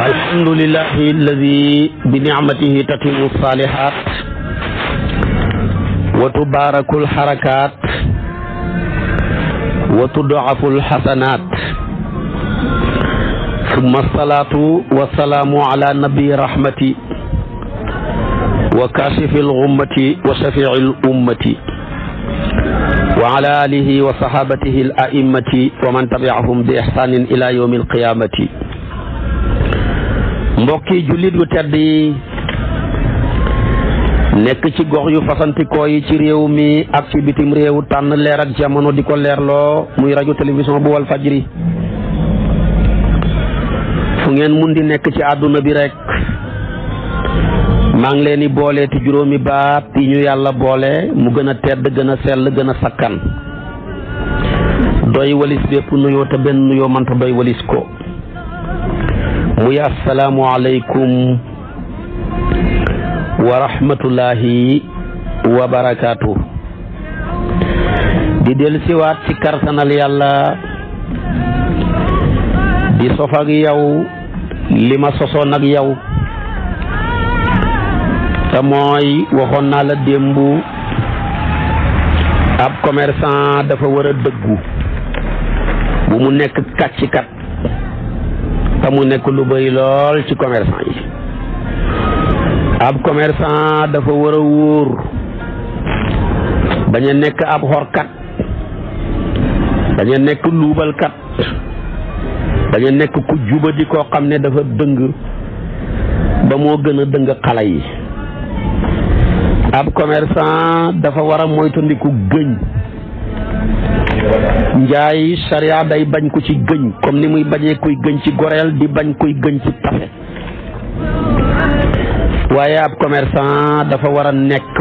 alhamdulilahi alladi bi nicmatihi tatimu salihat wa tubaraku alharakat wa tudacafu alxasanat summa alsalatu wassalaamu ala nabiyi rahmati wa kashifi alxummati wa shafii al ummati wa ala alihi wa sahabatihi al wa man tabi'ahum bi ihsanin ila yawmi al mbokki jullit yu tedd nekk ci gox yu fasantikoo yi ci réew mi ak ci bitim réew tànn leerak ak jamono di ko leerloo muy rajo télévision bu wal fajri fu ngeen mun di nekk ci àdduna bi rekk maa ngi leen di boole te juróomi baat yi ñu yàlla boole mu gën a tedd gën a sell gën a sakkan doy walis bépp nuyoo te benn nuyoo mënta doy walis ko muy asalaamu aleykum wa rahmatullahi wa barakaatu di del siwaat ci kartanal yàlla di sof ak yow li ma sosoon ak yow te mooy waxoon naa la démb ab commerçant dafa war a dëggu bu mu nekk kàccikat te mu nekk lu bari lool ci commerçant yi ab commerçant dafa war a wóor bañ nekk ab xorkat bañ a nekk luubalkat bañ a nekk ku juba di koo xam ne dafa dëng ba moo gën a dëng xale yi ab commerçant dafa war a moytandiku gëñ njaay sariya day bañ ko ci gëñ comme ni muy bañee kuy gëñ ci goreel di bañ kuy gëñ ci pafe waaye ab commerçant dafa war a nekk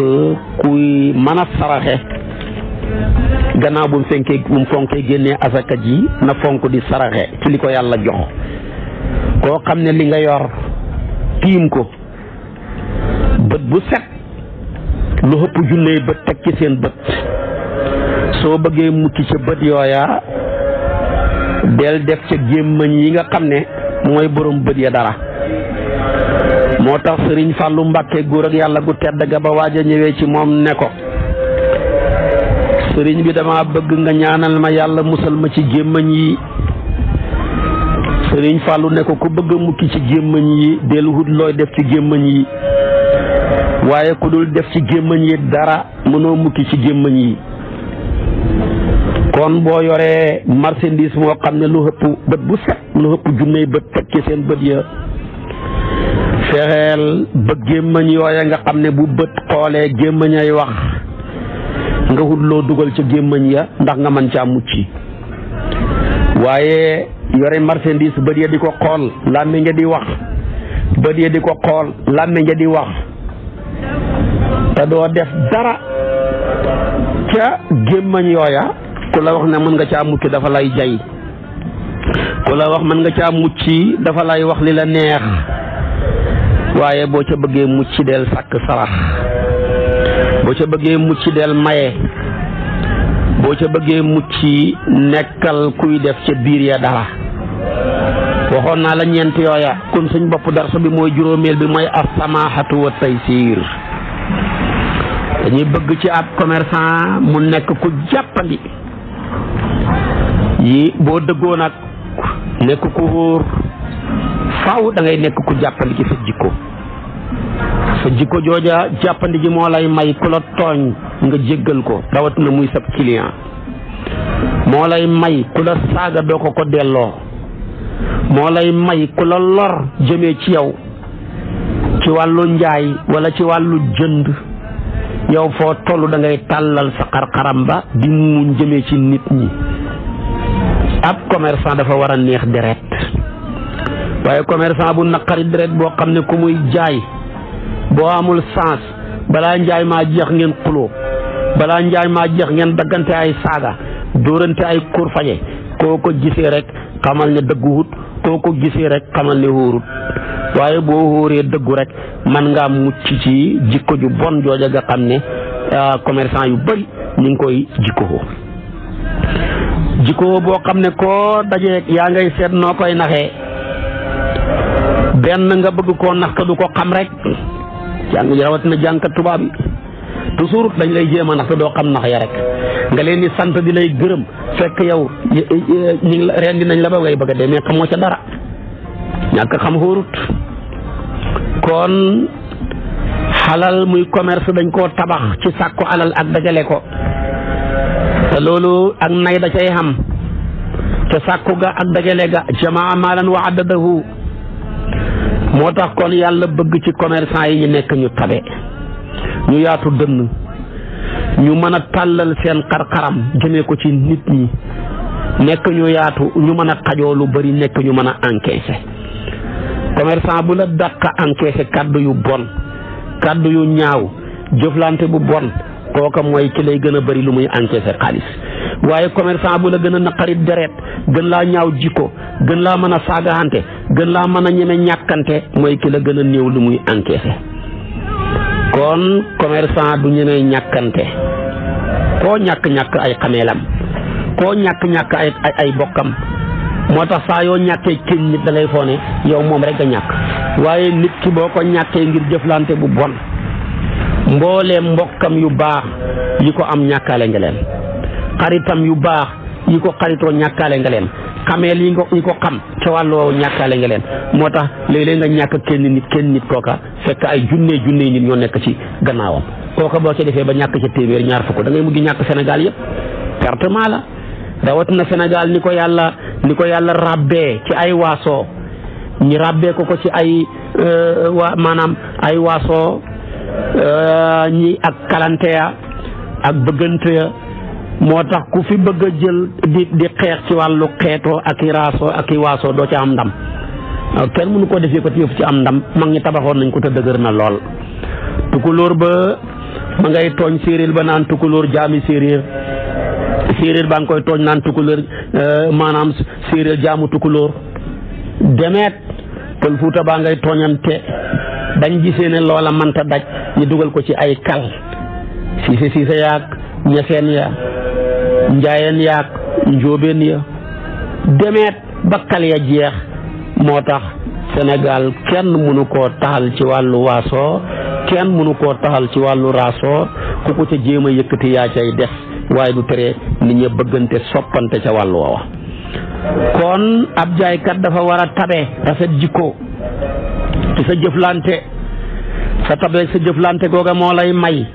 kuy mën a saraxe gannaaw bu mu fenkee bu mu fonkee génnee asaka ji na fonk di saraxe ci li ko yàlla jox koo xam ne li nga yor tiim ko bët bu set lu ëpp junney bët teg ci seen bët soo bëggee mukki ca bët yooya del def ca gémmañ yi nga xam ne mooy boroom bët ya dara moo tax sëriñ fàllu mbàkke góor ak yàlla gu tedd ga ba waaj a ci moom ne ko sëriñ bi dama bëgg nga ñaanal ma yàlla musal ma ci gémmañ yi sëriñ fàllu ne ko ku bëgg a mukki ci gémmañ yi del wut looy def ci gémmañ yi waaye ku dul def ci gémmañ yi dara mënoo mukki ci gémmañ yi kon boo yoree marchandise moo xam ne lu hëpp bët bu set lu hëpp junney bët tekki seen bët ya fexeel ba gémmañ yooya nga xam ne bu bët xoolee gémmañ ay wax nga wut loo dugal ca gémmañ ya ndax nga mën caa mucc waaye yore marchandise bët ya di ko xool làmmiñ nga di wax bët ya di ko xool làmmiñ nga di wax te doo def dara ca gémmañ yooya ku la wax ne mën nga caa mucc dafa lay jay ku la wax mën nga caa mucc dafa lay wax li la neex waaye boo ca bëggee mucc del sàkk sarax boo ca bëggee mucc del maye boo ca bëggee mucc nekkal kuy def ca biir ya dara waxoon naa la ñeent yooya kon suñ bopp darsa bi mooy juróomeel bi mooy asamaahatu wa taysiir dañuy bëgg ci ab commerçant mu nekk ku jàppandi yi boo dëggoon ak nekk ku wóor faaw da nekk ku jàppandi ci sa jikko sa jikko jooja jàppandi ji moo lay may ku la tooñ nga jéggal ko rawatina muy sab client moo lay may ku la saaga doo ko ko delloo moo lay may ku la lor jëmee ci yow ci wàllu njaay walla ci wàllu jënd yow foo toll dangay ngay tàllal sa xarxaram ba di mu jëmee ci nit ñi ab commerçant dafa war a neex deret waaye commerçant bu naqari deret boo xam ne ku muy jaay boo amul sens balaa njaay maa jeex ngeen xuloo balaa njaay maa jeex ngeen daggante ay saaga dóorante ay kurfañe koo ko gisee rek xamal ne dëggu soo ko gisee rek xamal ne wóorut waaye boo wóoree dëggu rek man ngaa mucc ci jikko ju bon jooja nga xam ne ah, commerçant yu bëri ñu ngi koy jikko jikko boo xam ne koo dajee yaa ngay seet noo koy naxee benn nga bëgg koo nax te du ko xam rek jàng rawatina jànkat tubaab yi du toujours dañ lay jéem a nax te doo xam nax ya rek nga leen di sant di lay gërëm fekk yow ñi reen di nañ la ba ngay bëgg a dee mais xamoo ca dara ñàkk xam xóorut kon xalal muy commerce dañ koo tabax ci sàkku alal ak dajale ko te loolu ak nay da cay xam te sàkku ga ak dajale ga jamaa maalan wa addadahu moo tax kon yàlla bëgg ci commerçant yi ñu nekk ñu tabe ñu yaatu dënn ñu mën a tàllal seen xarxaram xaram ko ci nit ñi nekk ñu yaatu ñu mën a xajoo lu bari nekk ñu mën a encaissé commerçant bu la dàq encaissé kàddu yu bon kàddu yu ñaaw jëflante bu bon kooka mooy ki lay gën a bari lu muy encaissé xaalis waaye commerçant bu la gën a naqarit deret gën laa ñaaw jikko gën laa mën a saagaante gën laa mën a ñeme ñàkkante mooy ki la gën a néew lu muy encaissé kon commercant du ñu ne ñàkkante koo ñàkk-ñàkk ay xameelam koo ñàkk-ñàkk ay ay bokkam moo tax saa yoo ñàkkee kenn nit da yow moom rek a ñàkk waaye nit ki boo ko ñàkkee ngir jëflante bu bon mbooleem mbokkam yu baax yi ko am ñàkkaale nga leen xaritam yu baax yi ko xaritoo ñàkkaale nga leen xameel yi nga ñi ko xam ca wàlloo woowu ñàkkaale nga leen moo tax léeg-léeg nga ñàkk kenn nit kenn nit kooka fekk ay junne junne nit ñoo nekk ci gannaawam kooka boo ci defee ba ñàkk ca téeméer ñaar fukk da ngay mujj ñàkk Sénégal yëpp pertement la na senegal ni ko yàlla ni ko yàlla ràbbee ci ay waasoo ñi ràbbee ko ko ci ay euh, waa maanaam ay waasoo euh, ñi ak kalante ya ak bëggante ya moo tax ku fi bëgg a jël di di xeex ci wàllu xeetoo ak i raasoo ak i waasoo doo ci am ndam kenn mënu koo defee ko yëf ci am ndam mag ñi tabaxoon nañ ko te dëgër na lool tukulóor ba ma ngay tooñ séeréer ba naan tukulóor jaami séeréer séeréer baa ngi koy tooñ naan tukulóor euh, maanaam séeréer jaamu tukulóor demeet pël fuuta baa ngay tooñante dañ gisee ne loola mënta daj ñu dugal ko ci ay kal siise siise yaag ñeseen ya njaayeen yaag njóobeen ya demeet bakkal ya jeex moo tax Sénégal kenn mënu koo taxal ci wàllu waasoo kenn mënu koo taxal ci wàllu raasoo ku ko ca jéem a yëkkati yaa cay def waaye du tere nit ña bëggante soppante ca wàllu woowa kon ab jaaykat dafa war a tabe rafet jikko ci sa jëflante sa tabe sa jëflante googa moo lay may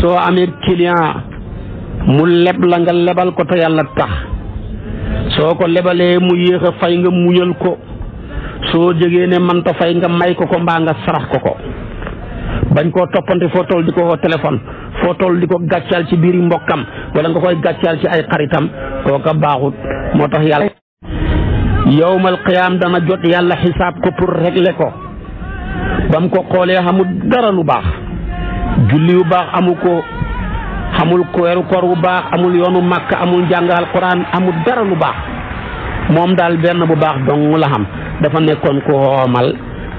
soo amee client mu leb la nga lebal ko te yàlla tax soo ko lebalee mu yéex a fay nga muñal ko soo jegee ne manta fay nga may ko ko mbaa nga sarax ko ko bañ koo toppante foo toll di ko téléphone foo toll di ko gàccaal ci biir mbokkam wala nga koy gàccaal ci ay xaritam kooka baaxut moo tax yàlla yowmal qiyaam dana jot yàlla xisaab ko pour régler ko bam ko xoolee xamul dara lu baax julli yu baax amu ko xamul weeru kor bu baax amul yoonu màkk amul njàng alquran amul dara lu baax moom daal benn bu baax dong la xam dafa nekkoon ku xoomal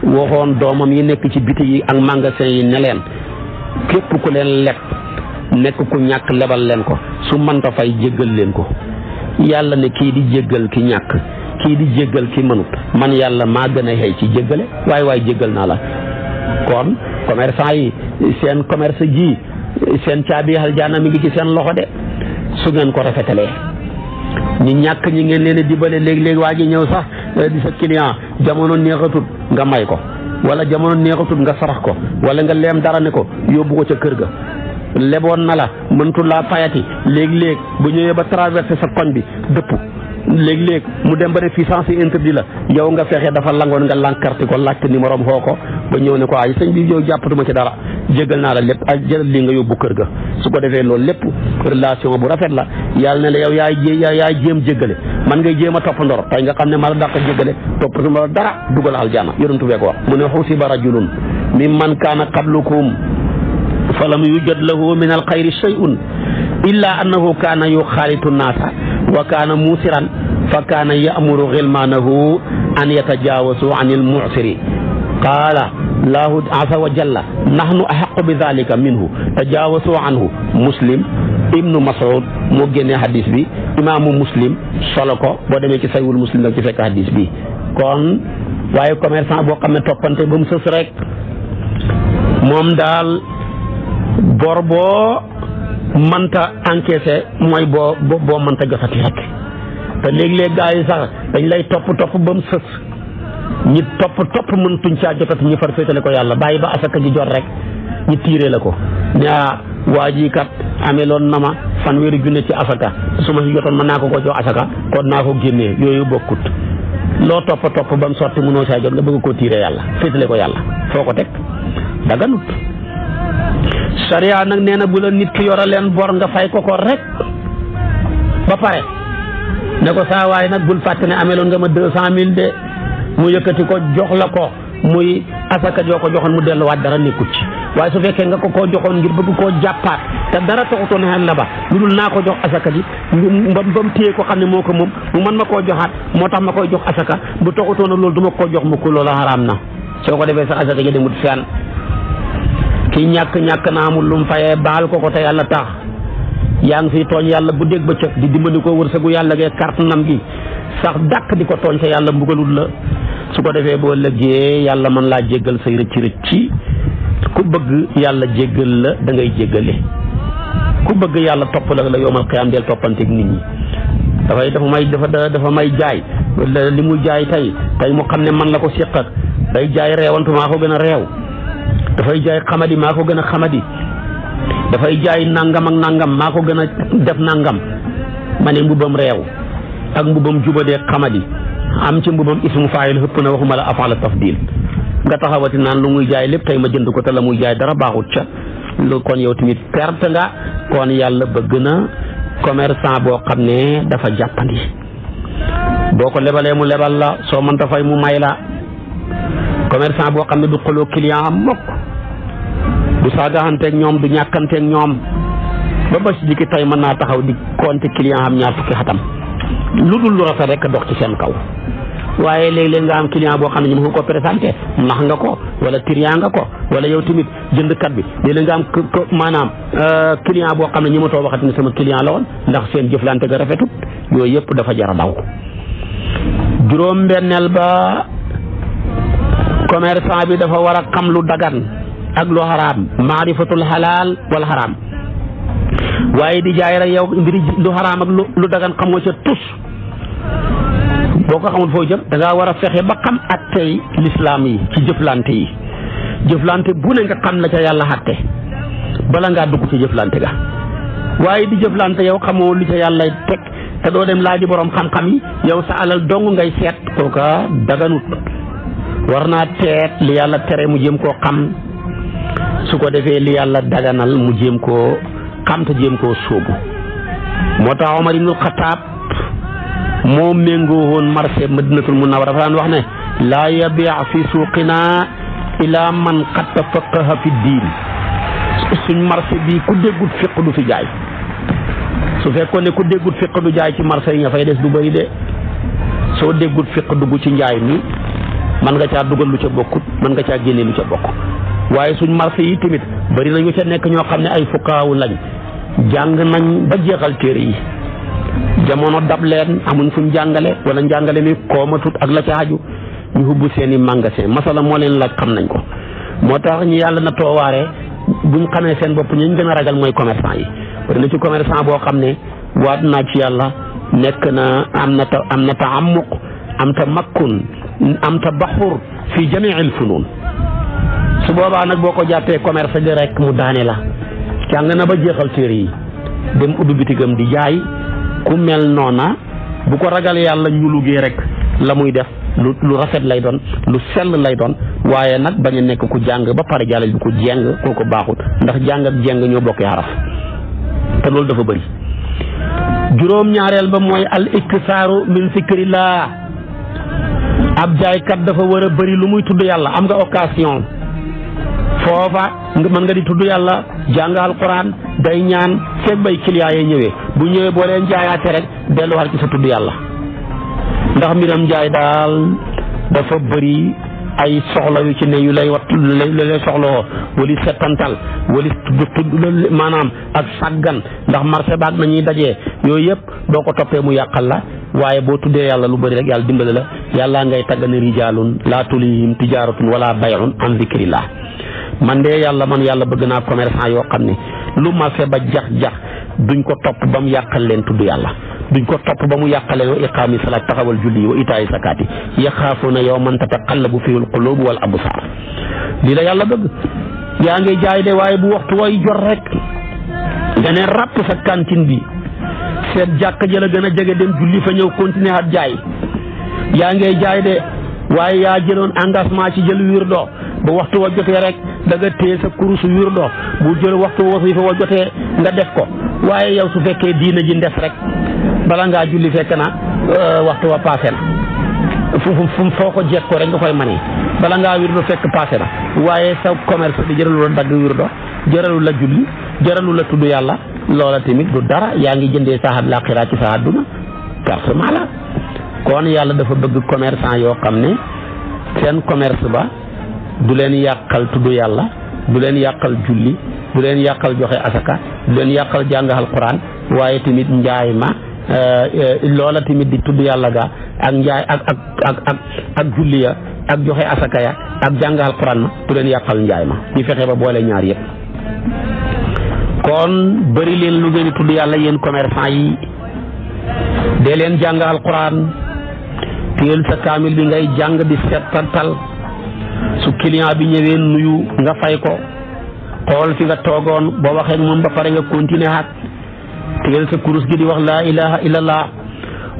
waxoon doomam yi nekk ci biti yi ak magasin yi ne leen képp ku leen leb nekk ku ñàkk lebal leen ko su mënta fay jéggal leen ko yàlla ne kii di jéggal ki ñàkk kii di jéggal ki mënut man yàlla maa gën a xëy ci jéggale waaye waaye jéggal naa la kon commerçant yi seen commerce ji seen caabi aljaana mi ngi ci seen loxo de su ngeen ko rafetalee ñu ñàkk ñi ngeen leen dibale léeg-léeg waa ji ñëw sax di sa client jamono neexatut nga may ko wala jamono neexatut nga sarax ko wala nga leem dara ne ko yóbbu ko ca kër ga leboon na la mëntu laa fayati léeg-léeg bu ñëwee ba traversé sa koñ bi dëpp léeg-léeg mu dem ba ne fii sens interdit la yow nga fexe dafa langoon nga lànkarti ko laajte numéro am xoo ko ba ñëw ne ko ay sëñ bi yow jàppatuma ci dara jégal naa la lépp ak jël li nga yóbbu kër ga su ko defee loolu lépp relation bu rafet la yàlla ne la yow yaay yaay jéem jéggale man ngay jéem a topp ndor tey nga xam ne maa la dàq jéggale topp ndor dara dugal aljana yonentu bee ko wax mu ne xusiba rajulun mimman kaana qablukum falam yujad lahu min alxayri shay'un illa annahu kaana yuxaalitu naasa wa kaana muusiran fa kaana ya'muru xilmaanahu an yatajaawasu anil mu'siri qaala laahu azza wa jalla nahnu axaqu bi dalika minhu tajaawasu anhu muslim ibnu mas'ud moo génnee hadis bi imaamu muslim solo ko boo demee ci saywul muslim da ci fekk hadis bi kon waaye commerçant boo xam ne toppante ba mu sës rek moom daal bor boo manta encaissé mooy boo boo manta jotati rek te léeg-léeg gaa yi sax dañ lay topp topp ba mu sës ñi topp topp mëntuñ caa jotati ñu far féetale ko yàlla bàyyi ba asaka ji jot rek ñu tiire la ko ne ah, waa ji kat amee loon na ma fan fanweeri junne ci asaka su ma si jotoon mën naa ko ko jox asaka kon naa ko génnee yooyu bokkut loo topp topp ba mu sotti mënoo saa jot nga bëgg koo tiire yàlla féetale ko yàlla foo ko teg daganut sariya nag nee na bu la nit ki yore leen bor nga fay ko ko rek ba pare ne ko saa waay nag bul fàtte ne ameloon nga ma deux cent mille de mu yëkkati ko jox la ko muy asaka joo ko joxoon mu delluwaat dara nekku ci waaye su fekkee nga ko koo joxoon ngir bëgg koo jàppaat te dara taxutoon xel la ba lu dul naa ko jox asaka ji ba ba mu téye ko xam ne moo ko moom mu mën ma koo joxaat moo tax ma koy jox asaka bu na loolu du ma koo jox mukk loolu xaraam na soo ko defee sax asaka ji demut fenn ki ñàkk ñàkk na amul lu mu fayee baal ko ko te yàlla tax yaa ngi tooñ yàlla bu dégg ba cëg di ni ko wërsëgu yàlla gee carte nam gi sax dàq di ko tooñ te yàlla mbugalul la su ko defee boo lëggee yàlla mën laa jéggal say rëcc rëcc ku bëgg yàlla jéggal la dangay ngay jéggale ku bëgg yàlla topp la la yoomal xiyaam del toppanteeg nit ñi dafay dafa may dafa dafa may jaay li mu jaay tey tey mu xam ne man la ko séq ak day jaay reewantu maa ko gën a reew dafay jaay xamadi maa ko gën a xamadi dafay jaay nangam ak nangam maa ko gën a def nangam ma ne mbubam réew ak mbubam jubadee xamadi am ci mbubam ismu faayil xëpp na waxuma la afala tafdil nga taxawati naan lu muy jaay lépp tey ma jënd ko te la muy jaay dara baaxut ca lu kon yow tamit perte nga kon yàlla bëgg na commerçant boo xam ne dafa jàppandi boo ko lebalee mu lebal la soo mënta fay mu may la commerçant boo xam ne du xuloo client mokk du saagaxanteeg ñoom du ñàkkanteek ñoom ba ba si jikki tey mën naa taxaw di kont client am ñaar fukki xatam lu dul lu rafet rekk dox ci seen kaw waaye léeg-léeg nga am client boo xam ne ñu ngi ko présenté nga ko wala triant nga ko wala yow tamit jëndkat bi léeg-léeg nga maanaam euh, client boo xam ne ñu ma too waxati ne sama client la woon ndax seen jëflante ga rafetut yooyu yëpp dafa jar a daw juróom-benneel ba commerçant bi dafa war a xam lu dagan ak lu xaraam maarifatul xalaal wal xaraam waaye di jaay rek yow mbiri lu xaraam ak lu dagan xamoo ca tus boo ko xamul foo jëm danga war a fexe ba xam attey lislaam yi ci jëflante yi jëflante bu ne xam la ca yàlla xatte bala ngaa dugg ci jëflante ga waaye di jëflante yow xamoo li ca yàlla teg te doo dem laaji boroom xam-xam yi yow sa alal dong ngay seet kooka daganut war naa teet li yàlla tere mu jëm koo xam su ko defee li yàlla daganal mu jéem ko xam te jéem koo sóobu moo tax Omar ibnul Xataab moo méngoo woon marché madinatul munawara dafa daan wax ne laa yabiix fi naa ilaa man qad tafaqaha fi diin suñ marché bi ku déggut fiq du fi jaay su fekkoon ne ku déggut fiq du jaay ci marché yi ña fay des du bari de soo déggut fiq dugg ci njaay mi mën nga caa dugal lu ca bokkut mën nga caa génne lu ca bokk waaye suñ marché yi tamit bari nañu ca nekk ñoo xam ne ay fukkaawu lañ jàng nañ ba jeexal téere yi jamono dab leen amuñ fuñ jàngale wala njàngale mi koomatut ak la ca aju ñu hubbu seeni magasin masala moo leen laaj xam nañ ko moo tax ñu yàlla na toowaare buñ xamee seen bopp ñu gën a ragal mooy commerçant yi bari na ci commerçant boo xam ne waat naa ci yàlla nekk na am na ta am na ta amuq am ta makkun am ta baxur fi jamiil funun su boobaa nag boo ko jàppee commerce li rek mu daane la jàng na ba jeexal téere yi dem ubbi bitigam di jaay ku mel noona bu ko ragal yàlla ñu lugee rek la muy def lu lu rafet lay doon lu sell lay doon waaye nag bañ a nekk ku jàng ba pare jàllale bi ku jeng ko baaxul ndax jàng ak jeng ñoo bokkee xaraf te loolu dafa bëri juróom ñaareel ba mooy al iktisaaru min sikrillah ab jaaykat dafa war a bëri lu muy tudd yàlla am nga occasion foofa mën nga di tudd yàlla jàng alquran day ñaan feeg bay client ñëwee bu ñëwee boo leen jaayaate rek delluwaat ci sa tudd yàlla ndax mbiram njaay daal dafa bëri ay soxla yu ci ne yu lay wat lu lay soxlawoo wali settantal wali maanaam ak sàggan ndax marché baag na ñuy dajee yooyu yëpp doo ko toppee mu yàqal la waaye boo tuddee yàlla lu bëri rek yàlla dimbale la yàlla ngay tàggane rijaalun laa tulihim tijaratun wala bayun an zikrillah man de yàlla man yàlla bëgg naa commerçant yoo xam ne lu marché ba jax-jax duñ ko topp ba mu yàqal leen tudd yàlla duñ ko topp ba mu yàqal leen wa iqaami ya taxawal julli yi wa itaayi sakaati yaxaafuuna yawman tataqallabu fiihi alquluub wal absaar lii la yàlla bëgg yaa ngi jaay de waaye bu waxtu way jot rek nga ne ràpp sa cantine bi seet jàkk jëla gën a jege dem julli fa ñëw continuer at jaay yaa ngi jaay de waaye yaa jëloon engagement ci jël doo bu waxtu wa jotee rek da nga téye sa kurusu wirdo bu jël waxtu wasifa wa jotee nga def ko waaye yow su fekkee diina ji ndes rek bala ngaa julli fekk na euh, waxtu wa passé na fu fu foo ko jekkoo rek nga koy mane bala ngaa wirdo fekk passé na waaye sa commerce bi jëralu la dagg wirdo jëralu la julli jëralu la tudd yàlla loola tamit du dara yaa ngi jëndee saaxat laaxiraa ci sa àdduna perte la kon yàlla dafa bëgg commerçant yoo xam ne seen commerce ba du leen yàqal tudd yàlla du leen yàqal julli du leen yàqal joxe asaka du leen yàqal jàng alquran waaye tamit njaay ma eh, eh, loola tamit di tudd yàlla ga ak njaay ak ak ak ak ak julli ya ak joxe asaka ya ak jàng alquran ma du leen yàqal njaay ma ñu fexe ba boole ñaar yëpp kon bëri leen lu ngeen tudd yàlla yéen commerçant yi dee leen jàng alquran téel sa kaamil bi ngay jàng di settantal su client bi ñëwee nuyu nga fay ko xool fi nga toogoon boo waxee moom ba pare nga continuer xaat tegal sa kurus gi di wax laa ilaha illallah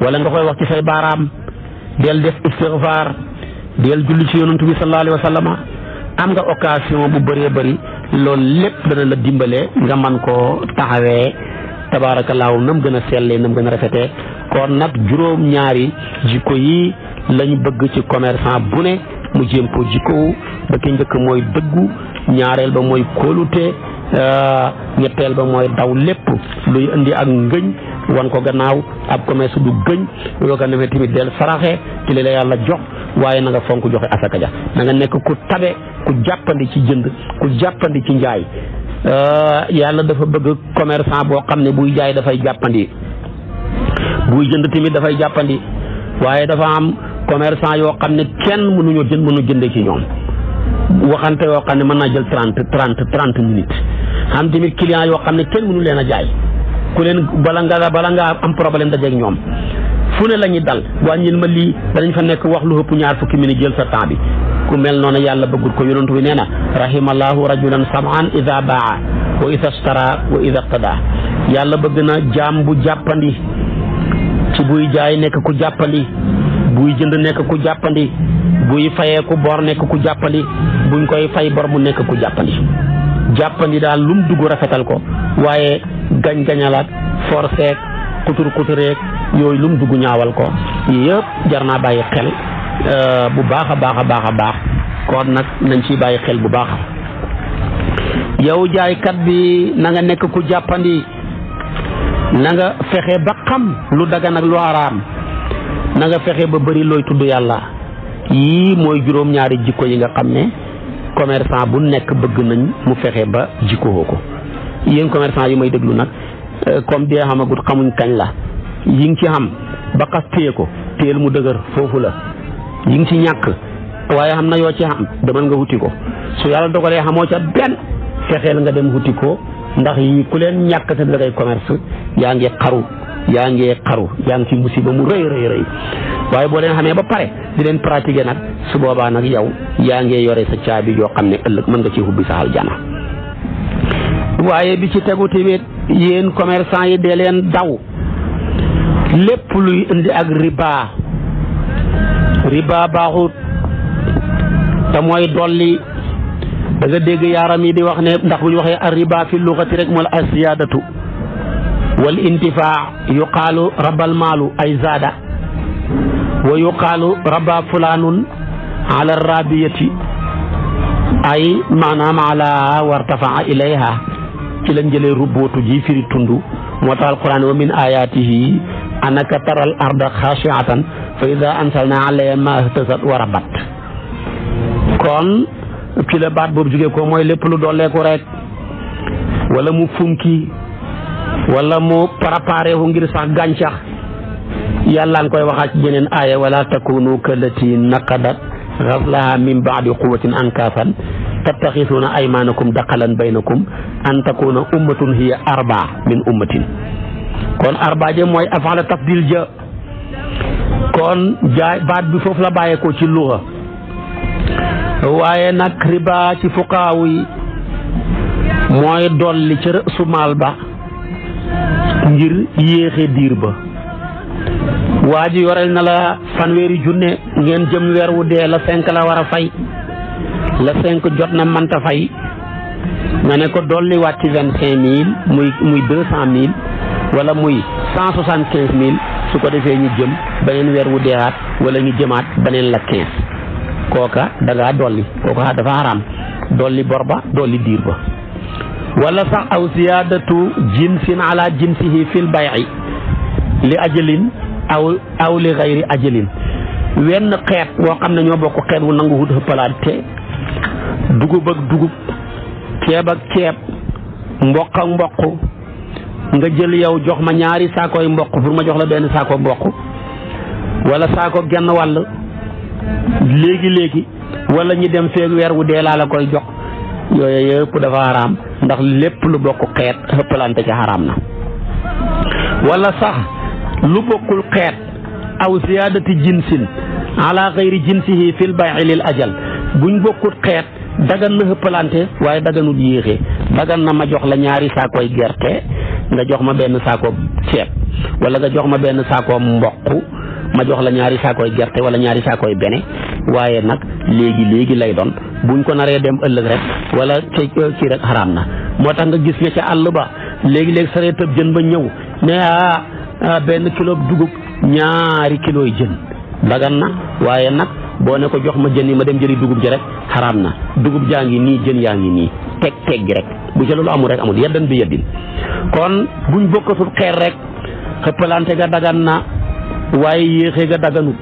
wala nga koy wax ci say baaraam del def istigfaar del julli ci yonantu bi sallallahu alayhi wa am nga occasion bu bëree bëri loolu lépp dana la dimbale nga man koo taxawee tabaarakallaahu nam gën a sellee nam gën a rafetee kon nag juróom ñaari jikko yi lañ bëgg ci commerçant bu ne mu jéem koo jikkoo ba ki njëkk mooy dëggu ñaareel ba mooy kóolute euh, ñetteel ba mooy daw lépp luy indi ak ngëñ wan ko gannaaw ab commerce du gëñ ko demee del saraxe ci la yàlla jox waaye na nga fonk joxe asaka ja na nga nekk ku tabe ku jàppandi ci jënd ku jàppandi ci njaay euh, yàlla dafa bëgg commerçant boo xam ne buy jaay dafay jàppandi buy jënd tamit dafay jàppandi waaye dafa am commerçant yoo xam ne kenn mënuñoo jënd mënu jënde ci ñoom waxante yoo xam ne mën naa jël trente trente trente minutes am tamit client yoo xam ne kenn mënu leen a jaay ku leen bala nga bala ngaa am problème dajeeg ñoom fu ne la ñuy dal wàññil ma lii dañ fa nekk wax lu ëpp ñaar fukki minutes jël sa temps bi ku mel noonu yàlla bëggul ko yonent bi nee na rahimallahu rajulan samaan ida baa wa ida stara wa ida qada yàlla bëgg na jaam bu jàppandi ci buy nekk ku jàppandi buy jënd nekk ku jàppandi buy fayee ku bor nekk ku jàppandi buñ koy fay bor mu nekk ku jàppandi jàppandi daal lum dugg rafetal ko waaye gañ-gañalaat forceek kutur kutureek yooyu lum dugg ñaawal ko yëpp jar naa bàyyi xel euh, bu baax a baax a baax a baax kon nag nañ ciy bàyyi xel bu baax yow jaaykat bi nanga nekk ku jàppandi na fexe ba xam lu dagan ak lu araam na nga fexe ba bari looy tudd yàlla yii mooy juróom-ñaari jikko yi nga xam ne commerçant bu nekk bëgg nañ mu fexe ba jikkoo ko yéen commerçant yi may déglu nag euh, comme dee xamagut xamuñ kañ la yi ngi ci xam ba xas téye ko téel mu dëgër foofu la yi ngi ci ñàkk waaye xam na yoo ci xam demal nga wuti ko su yàlla dogalee xamoo ca benn fexeel nga dem wuti ko ndax yi ku leen ñàkk te dangay commerce yaa ngi xaru yaa ngee xaru yaa ngi ci musiba mu rëy rëy rëy waaye boo leen xamee ba pare di leen pratiquer nag su boobaa nag yow yaa ngee yore sa caabi joo xam ne ëllëg mën nga ci hubbi sa aljana waaye bi ci tegu tamit yéen commerçant yi de leen daw lépp luy indi ak riba riba baaxut te mooy dolli da nga dégg yaaram yi di wax ne ndax bu ñu waxee ar riba fi luxati rek mooy la asiyadatu wal intifaa yuqaalu rabal maalu ay zaada wa yuqaalu raba fulaanun ala rabiyati ay maanaam ala wartafaa ilayha ci lañ jëlee rubbootu ji firi tund moo tax alquran wa min ayatihi anaka taral arda xaashiatan fa ida ansalna alayha ma ihtasat wa rabat kon ci la baat boobu jógee ko mooy lépp lu dooleeku rek wala mu funki wala mu préparé ngir sax gàncax yàlla nga koy waxaat ci jeneen aaya wala takunu kallati naqadat gazlaha min baadi quwatin ankaafan tattaxisuuna aymanakum daqalan baynakum an takuna ummatun hiya min ummatin kon arba ja mooy afaala tafdil ja kon jaay baat bi foofu la bàyyeekoo ci luxa waaye nag riba ci fuqaaw yi mooy dolli ci rësu ba ngir yéexe diir ba waa ji yoreel na la fanweeri junne ngeen jëm weer wu dee la cinq la war a fay la cinq jot na manta fay nga ne ko dolliwaat ci vingt cinq mille muy muy deux cent mille wala muy cent soixante quinze mille su ko defee ñu jëm beneen weer wu deewaat wala ñu jëmaat beneen la quinze kooka da dolli kooka dafa xaraam dolli bor ba dolli diir ba wala sax aw ziyaadatu jinsin ala jinsihi fil bay'i li ajalin aw aw li xayri ajalin wenn xeet woo xam ne ñoo bokk xeet wu nangu wut xëppalaante dugub ak dugub ceeb ak ceeb mboq ak mboq nga jël yow jox ma ñaari saakooy mboq pour ma jox la benn saako mboq wala saako genn wall léegi léegi walla ñu dem feeg weer wu dee laa la koy jox yooyu yëpp dafa araam ndax lépp lu bokk xeet xëppalante ci xaraam na wala sax lu bokkul xeet aw ziyaadati jinsin ala xayri jinsihi fil bay'i lil ajal buñ bokkul xeet dagan na xëppalante waaye daganul yéexee dagan na ma jox la ñaari saakoy gerte nga jox ma benn saako ceeb wala nga jox ma benn saako mboq ma jox la ñaari saakoy gerte wala ñaari saakoy bene waaye nag léegi léegi lay doon buñ ko naree dem ëllëg rek wala ca kii rek xaraam na moo tax nga gis ne ca àll ba léegi léegi saree tëb jën ba ñëw ne ah, ah benn kilo dugub ñaari kilo yi jën dagan na waaye nag boo ne ko jox ma jën yi ma dem jëli dugub ji rek xaraam na dugub jaa ngi nii jën yaa ngi nii teg teg gi rek bu ca loolu amul rek amul yeddan bi yeddin kon buñ bokkatul xeer rek xëppalante ga dagan na waaye yéexee ga daganut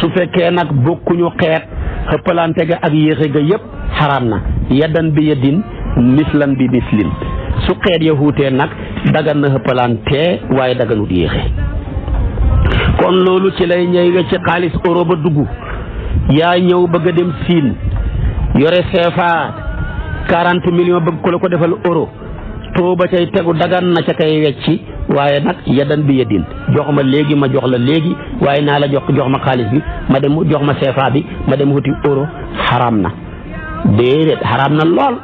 su fekkee nag bokkuñu xeet xëppalante ga ak yéexe ga yépp xaraam na yaddan bi yaddin mislan bi mislin su xeet ya wuutee nag dagan na xëppalante waaye daganut yéexe kon loolu ci lay ñëw nga ci xaalis euro ba dugg yaa ñëw bëgg a dem siin yore CFA quarante bëgg ku la ko defal euro tooba cay tegu dagan na ca kay wecci waaye nag yadan bi yadin jox ma léegi ma jox la léegi waaye naa la jox jox ma xaalis bi ma dem jox ma CFA bi ma dem ti euro xaraam na déedéet xaraam na lool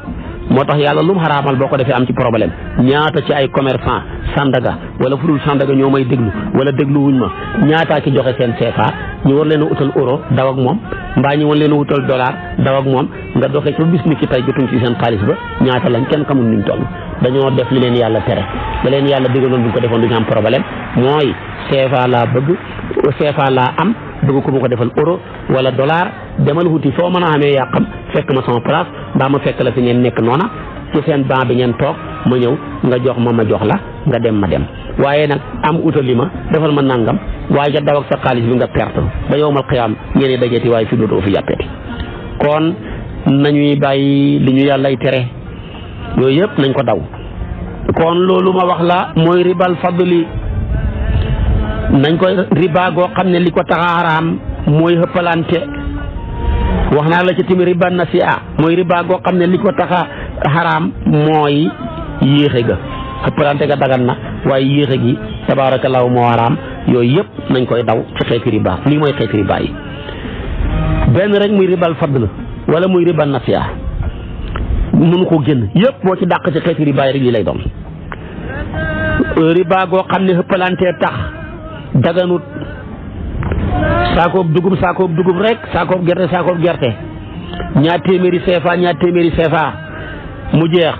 moo tax yàlla lu mu xaraamal boo ko defee am ci problème ñaata ci ay commerçant sandaga wala fudul sandaga ñoo may déglu wala déglu wuñ ma ñaataa ci joxe seen CFA ñu war leen a utal euro daw ak moom mbaa ñu war leen a utal dollar daw ak moom nga doxee ci ba bis ni ki tey jotuñ ci seen xaalis ba ñaata lañ kenn xamul ni mu toll dañoo def li leen yàlla tere da leen yàlla digaloon bu ñu ko defoon ñu am problème mooy CFA laa bëgg CFA laa am bëgg ko ma ko defal euro wala dollar demal wuti foo mën a amee yaa fekk ma sama place mbaa ma fekk la fi ngeen nekk noona ci seen banc bi ngeen toog ma ñëw nga jox ma ma jox la nga dem ma dem waaye nag am utali ma defal ma nangam waaye ca daw ak sa xaalis bi nga perte ba yowmal xiyaam ngeen dajeeti waaye fi dootoo fi yàppeeti kon nañuy bàyyi li ñu yàllay tere yooyu yëpp nañ ko daw kon loolu ma wax la mooy ribal nañ koy riba goo xam ne li ko tax a mooy hëppalante wax naa la ci tamit riba nasi'a mooy riba goo xam ne li ko tax a mooy yéexe ga hëppalante ga dagan na waaye yéexe gi tabaarakallaahu moo xaraam yooyu yëpp nañ koy daw ci xeeti riba lii mooy xeeti riba yi benn rek muy ribal na wala muy riba nasi'a mënu ko génn yëpp boo ci dàq ci xeeti riba yi rek lii lay doon riba goo xam ne hëppalante tax daganut saakoob dugub saakoob dugub rek saakoob gerte saakoob gerte ñaar téeméeri CFA ñaar téeméeri CFA mu jeex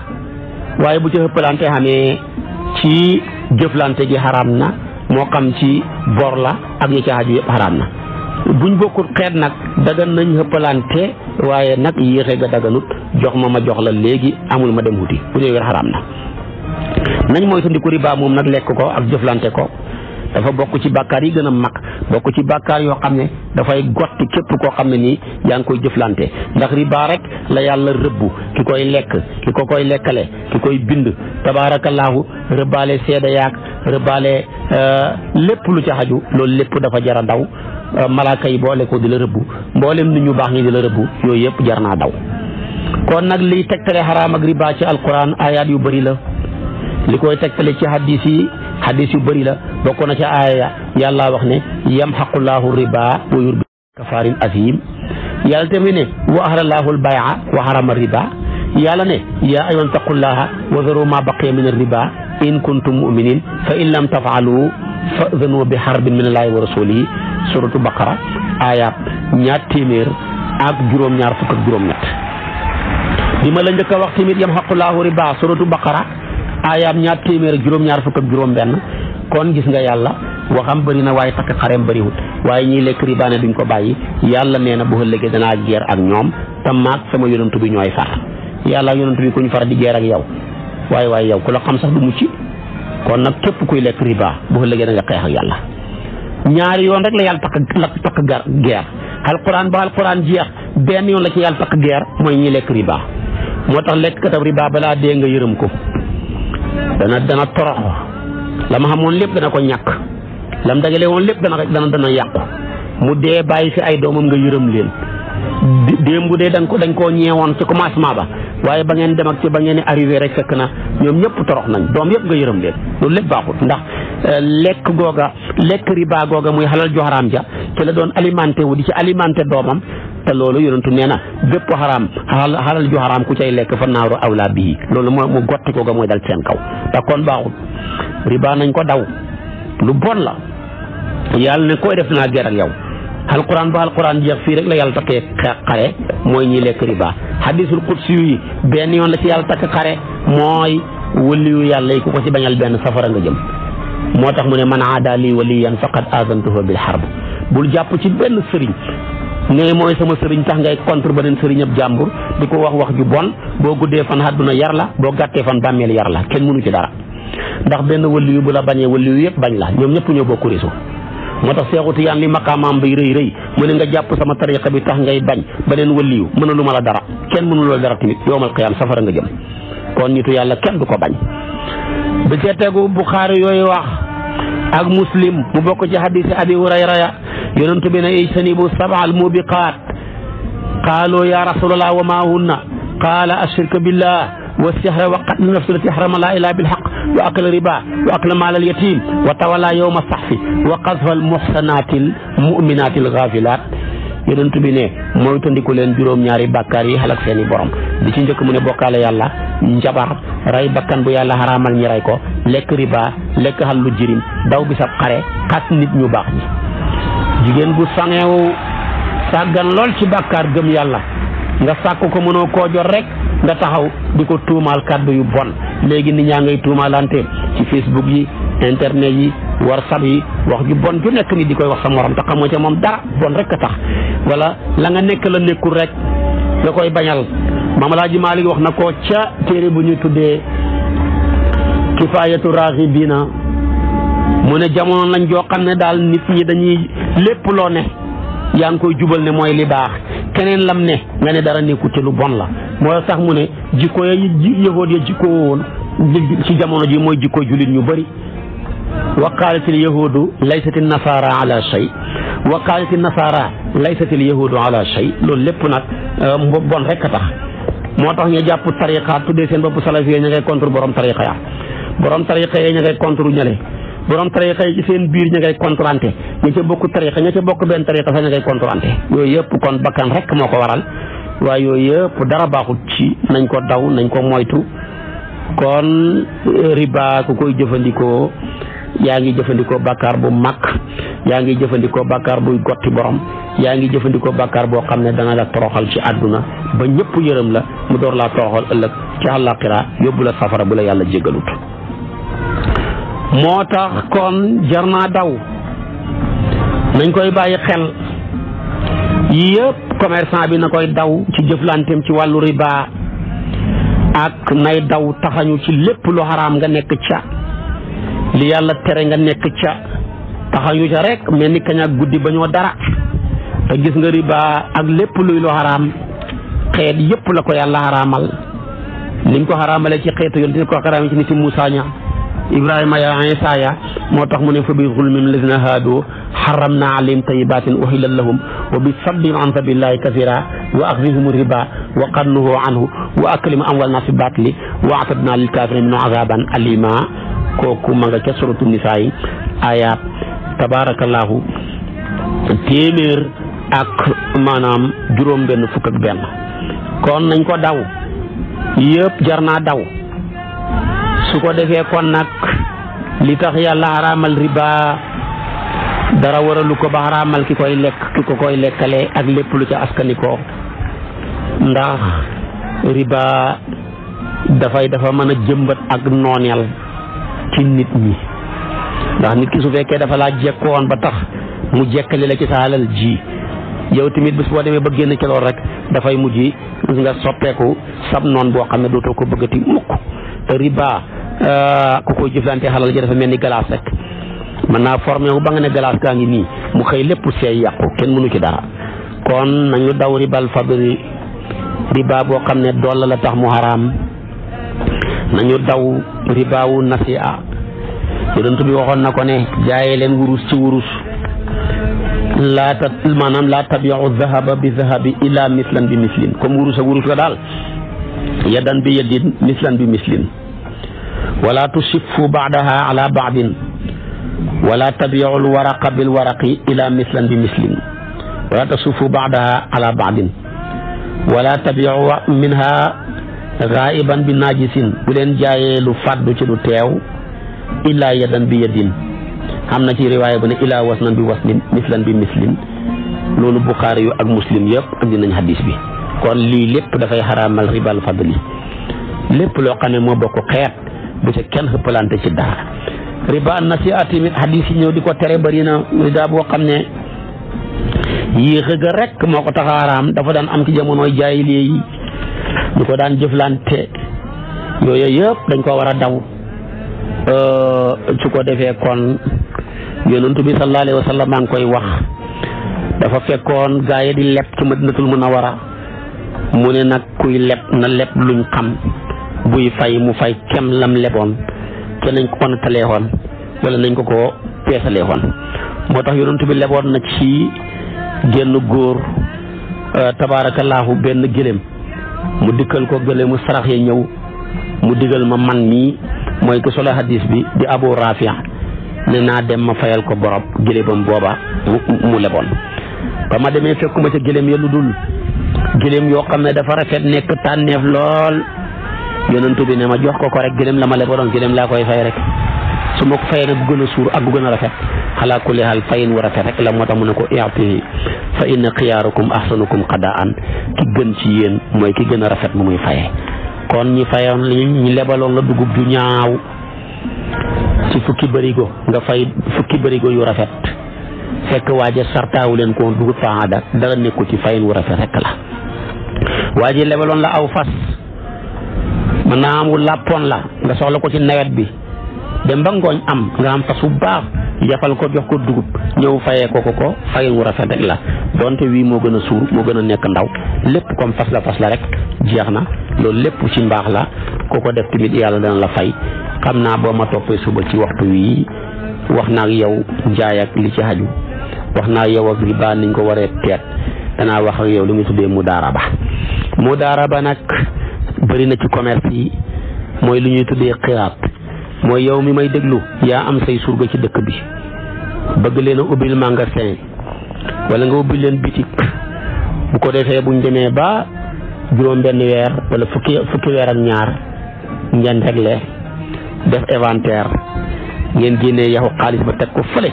waaye bu ca ëppalante xamee ci jëflante gi xaraam na moo xam ci bor la ak ñu ca xaju yëpp xaraam na buñ bokkut xeet nag dagan nañ xëppalante waaye nag yéexe ga daganut jox ma ma jox la léegi amul ma dem wuti bu ñëwee xaraam na nañ mooy tandiku riba moom nag lekk ko ak jëflante ko dafa bokk ci bàkkaar yi gën a mag bokk ci bàkkaar yoo xam ne dafay gott képp koo xam ne nii yaa ngi koy jëflante ndax riba rek la yàlla rëbb ki koy lekk ki ko koy lekkale ki koy bind tabaarakallaahu rëbbaale seeda yaak rëbbaale euh, lépp lu ca xaju loolu lépp dafa jara daw euh, malaaka yi boole ko di la rëbb mboolem nit ñu baax ñi di la rëbb yooyu yëpp jar naa daw kon nag liy tegtale xaraam ak riba ci alquran ayaat yu bari la li koy tegtale ci hadis xadis yu bëri la bokk na ca aaya yàlla wax ne yamxaqullahu riba wa yurbi kafarin azim yàlla tamit ne wa ahrallahu lbaya wa harama riba yàlla ne yaa ayyuhan taqullaha wa zaru ma baqiya min riba in kuntum muminin fa in lam tafaalu fa'zanu bi harbin min allahi wa rasulihi suratu baqara aaya ñaar téeméer ak juróom-ñaar fukk ak juróom-ñett bi ma la njëkk a wax tamit yamxaqullahu riba suratu baqara aayaam ñaar téeméer ak juróom-ñaar fukk ak juróom-benn kon gis nga yàlla waxam bëri na waaye takk xareem bëriwut waaye ñii lekk ribaane duñ ko bàyyi yàlla nee na bu ëllëgee danaa geer ak ñoom te maag sama yonantu bi ñooy far yàlla ak yonantu bi kuñ far di geer ak yow waaye waaye yow ku la xam sax du mucc kon nag képp kuy lekk riba bu ëllëgee da nga ak yàlla ñaari yoon rek la yàlla takk la takk gar geer alquran ba alquran jeex benn yoon la ci yàlla takk geer mooy ñi lekk riba moo tax lekk katab riba balaa dee nga yërëm ko dana dana torox la ma xamoon lépp dana ko ñàkk lam dagale woon lépp dana dana dana yàqu mu dee bàyyi fi ay doomam nga yërëm leen démb dee dañ ko dañ koo ñeewoon ci commencement ba waaye ba ngeen dem ak ci ba ngeen arrivé rek fekk na ñoom ñëpp torox nañ doom yëpp nga yërëm leen loolu lépp baaxut ndax eh, lekk googa lekk riba googa muy xalal ju xaraam ja ci la doon alimenté wu di ci alimenté doomam te loolu yonentu nee na bépp xaraam xalal ju xaraam ku cay lekk fa naaru awla bii loolu moo mu gotti ko mooy dal seen kaw te kon baaxul riba nañ ko daw lu bon la yàlla ne koy def naa ger ak yow alquran ba alquran jeex fii rek la yàlla takkee xare mooy lekk riba hadisul benn yoon la ci yàlla takk xare mooy wëliyu yàlla yi ku ko ci bañal benn safara nga jëm moo tax mu ne man aada lii waliyan faqad azantuhu bil harb bul jàpp ci benn sëriñ ne mooy sama sëriñ tax ngay contre beneen sëriñ ab jàmbur di ko wax wax ju bon boo guddee fan àdduna yar la boo gàttee fan bàmmeel yar la kenn mënu ci dara ndax benn wëliyu bu ñëpp ñoo moo tax seexu tiyaan li maqaamaam bi rëy rëy mu ne nga jàpp sama tariqa bi tax ngay bañ beneen wëliyu mënalu ma la dara kenn mënu loolu dara tamit yowmal qiyaam safara nga jëm kon nitu yàlla kenn du ko bañ bu ca tegu Buxaari yooyu wax ak muslim mu bokk ci hadisi abi hurayra ya yonent bi ne ijtanibu sab'al mubiqaat qaalu ya rasulallah wa ma hunna qaala ashirku billah والسحر وقتل النفس التي حرم الله الا بالحق واكل الربا واكل مال اليتيم وتولى يوم الصحف وقذف المحصنات المؤمنات الغافلات yonent bi ne mooy tandiku leen juróom-ñaari bàkkaar yi xalak seeni borom bi ci njëkk mu ne bokkaale yàlla njabar rey bakkan bu yàlla xaraamal ñi rey ko lekk riba lekk xal lu jirim daw bi sa xare xas nit ñu baax jigéen bu sangeewu sàggan lool ci bàkkaar gëm yàlla nga sàkk ko mënoo koo jot rek nga taxaw di ko tuumaal kàddu yu bon léegi nit ñaa ngay tuumaalante ci Facebook yi internet yi whatsapp yi wax ju bon ju nekk nit di koy wax sa morom te xamoo ca moom dara bon rek a tax wala la nga nekk la nekkul rek nga koy bañal Maam Alaaji Maalik wax na ko ca téere bu ñu tuddee kifaayatu raaxibiina mu ne jamono lañ joo xam ne daal nit ñi dañuy lépp loo ne yaa ngi koy jubal ne mooy li baax keneen lam ne nga ne dara nekkul ci lu bon la mooy sax mu ne jikko ya yëfoot ya jikko woon ci jamono ji mooy jikko jullit ñu bari wa qaalatil yahuudu laysati nasaara ala shay wa qaalatil nasaara laysatil yahuudu ala shay loolu lépp nag euh, bon rek a tax moo tax ñu jàpp tariqa tuddee seen bopp salafi ña ngay contre borom tariqa ya borom tariqa ya ña ngay contre ñële borom tariqa yi ci seen biir ña ngay contrante ña ca bokk tariqa ña ca bokk benn tariqa sax ña ngay contrante yooyu yëpp kon bakkan rek moo ko waral waaye yooyu yëpp dara baaxut ci nañ ko daw nañ ko moytu kon euh, riba ku koy jëfandikoo yaa ngi jëfandikoo bàkkaar bu mag yaa ngi jëfandikoo bàkkaar buy gotti boroom yaa ngi jëfandikoo bàkkaar boo xam ne dana la toroxal ci àdduna ba ñëpp yërëm la mu door laa toroxal ëllëg ci àllaaxira yóbbu la safara bu la yàlla jégalut moo tax kon jar naa daw nañ koy bàyyi xel yëpp commerçant bi na koy daw ci jëflanteem ci wàllu riba ak nay daw taxañu ci lépp lu xaraam nga nekk ca li yàlla tere nga nekk ca taxayu ca rek mel ni kañ guddi ba ñoo dara te gis nga riba ak lépp luy lu xaraam xeet yépp la ko yàlla xaraamal liñ ko xaraamale ci xeetu yoon dina ko xaraamee ci nit ña Ibrahima yaa Iisaa ya moo tax mu ne fa bi zulmin lazina haadu xaram naa alayhim tayibatin uhillat lahum wa bi saddihim an sabilillahi kasira wa akhdihim riba wa qad nuhu anhu wa aklihim amwal nas bi batili wa atadna lil kafirina minhum azaban alima kooku ma nga ca suratu nisaa yi aya tabarakallahu téeméer ak maanaam juróom benn fukk ak benn kon nañ ko daw yëpp jar naa daw su ko defee kon nag li tax yàlla xaraamal riba dara waralu ko ba xaraamal ki koy lekk ki ko koy lekkale ak lépp lu ca askaniko ndax riba dafay dafa mën a jëmbat ak nooneel ci nit ñi ndax nit ki su fekkee dafa laa jekkoon ba tax mu jekkale la ci sa alal ji yow tamit bis boo demee ba génn ci lool rek dafay mujj nga soppeeku sab noon boo xam ne dootoo ko bëggati mukk te riba Euh, ku koy jëflante xalal ji dafa mel ni galaas rek man naa formé wu ba nga ne galaas gaa ngi nii mu xëy lépp seey yàqu kenn mënu ci dara kon nañu daw ribal fadri riba boo xam ne dolla la tax mu xaraam nañu daw ribaawu nasi'a yonent bi waxoon na ko ne jaayee leen wurus ci wurus laa ta maanaam laa tabiu zahaba bi zahabi illa mislan bi mislin comme wurus ak wurus la daal yaddan bi yaddin mislan bi mislin wala tusifu baadaha ala baadin wala tabiu lwaraqa bilwaraqi ila mislan bi mislin wala tasufu baadaha ala baadin wala tabiu minha gaiban bi naajisin bu leen jaayee lu fàddu ci lu teew illa yadan bi yadin xam na ci riwaaya bu ne ila wasnan bi wasnin mislan bi mislin loolu buxaari yu ak muslim yëpp andi nañ hadis bi kon lii lépp dafay xaraamal ribal fadli lépp loo xam ne moo bokk xeet bu ca kenn xëppalante ci dara riba nasiha tamit hadis yi ñëw di ko tere bëri na riba boo xam ne yéex ga rekk moo ko taxaaraam dafa daan am ci jamonoy jaahiliya yi ñu ko daan jëflante yooyu yëpp dañ ko war a daw euh, su ko defee kon yonent bi sallallahu alayhi wa sallam maa ngi koy wax dafa fekkoon gaa yi di leb ci madinatul munawara mu ne nag kuy leb na leb luñ xam buy fay mu fay kem lam leboon te nañ ko ko nattalee woon wala nañ ko ko peesalee moo tax yonent bi leboon na ci génn góor euh, tabaarakallaahu benn gëléem mu dikkal ko gëléemu sarax ya ñëw mu digal ma man mii mooy ko solo hadis bi di abu rafia ne naa dem ma fayal ko borom gëléemam booba mu leboon ba ma demee fekkuma ca gëléem ya lu dul gëléem yoo xam ne dafa rafet nekk tànneef lool yonentu bi ne ma jox ko ko rek gëlëm la ma lebaloon gëlëm laa koy fay rek su ma ko fayee nag bu gën a suur ak bu gën a rafet xalaa kulli xaal fayin wu rafet rek la moo tax mu ne ko i'tihi fa inna xiyaarukum ahsanukum qadaan ki gën ci yéen mooy ki gën a rafet mu muy kon ñi fayoon li ñi lebaloon la dugub ju ñaaw ci fukki bërigo nga fay fukki bërigo yu rafet fekk waaje sartaawu leen ko dugub faada dara nekku ci fayin wu rafet la aw fas mën naa am wu làppoon la nga soxla ko ci nawet bi dem ba ngooñ am nga am fas bu baax yafal ko jox ko dugub ñëw fayee ko ko ko fayin wu rafet la donte wii moo gën a suur moo gën a nekk ndaw lépp comme fas la fas la rek jeex na loolu lépp ci mbaax la ku ko def tamit yàlla dana la fay xam naa boo ma toppee suba ci wax waxtu yi wax naa ak yow njaay ak li ci xaju wax naa yow ak riba niñ ko waree teet danaa wax ak yow li mu tuddee mudaaraba mudaaraba nag bëri na ci commerce yi mooy lu ñuy tuddee xiraat mooy yow mi may déglu yaa am say surga ci dëkk bi bëgg leen a ubbil magasin wala nga ubbil leen bitik bu ko defee buñ demee ba juróom benn weer wala fukki fukki weer ak ñaar ngeen réglé def inventaire ngeen génnee yaxu xaalis ba teg ko fële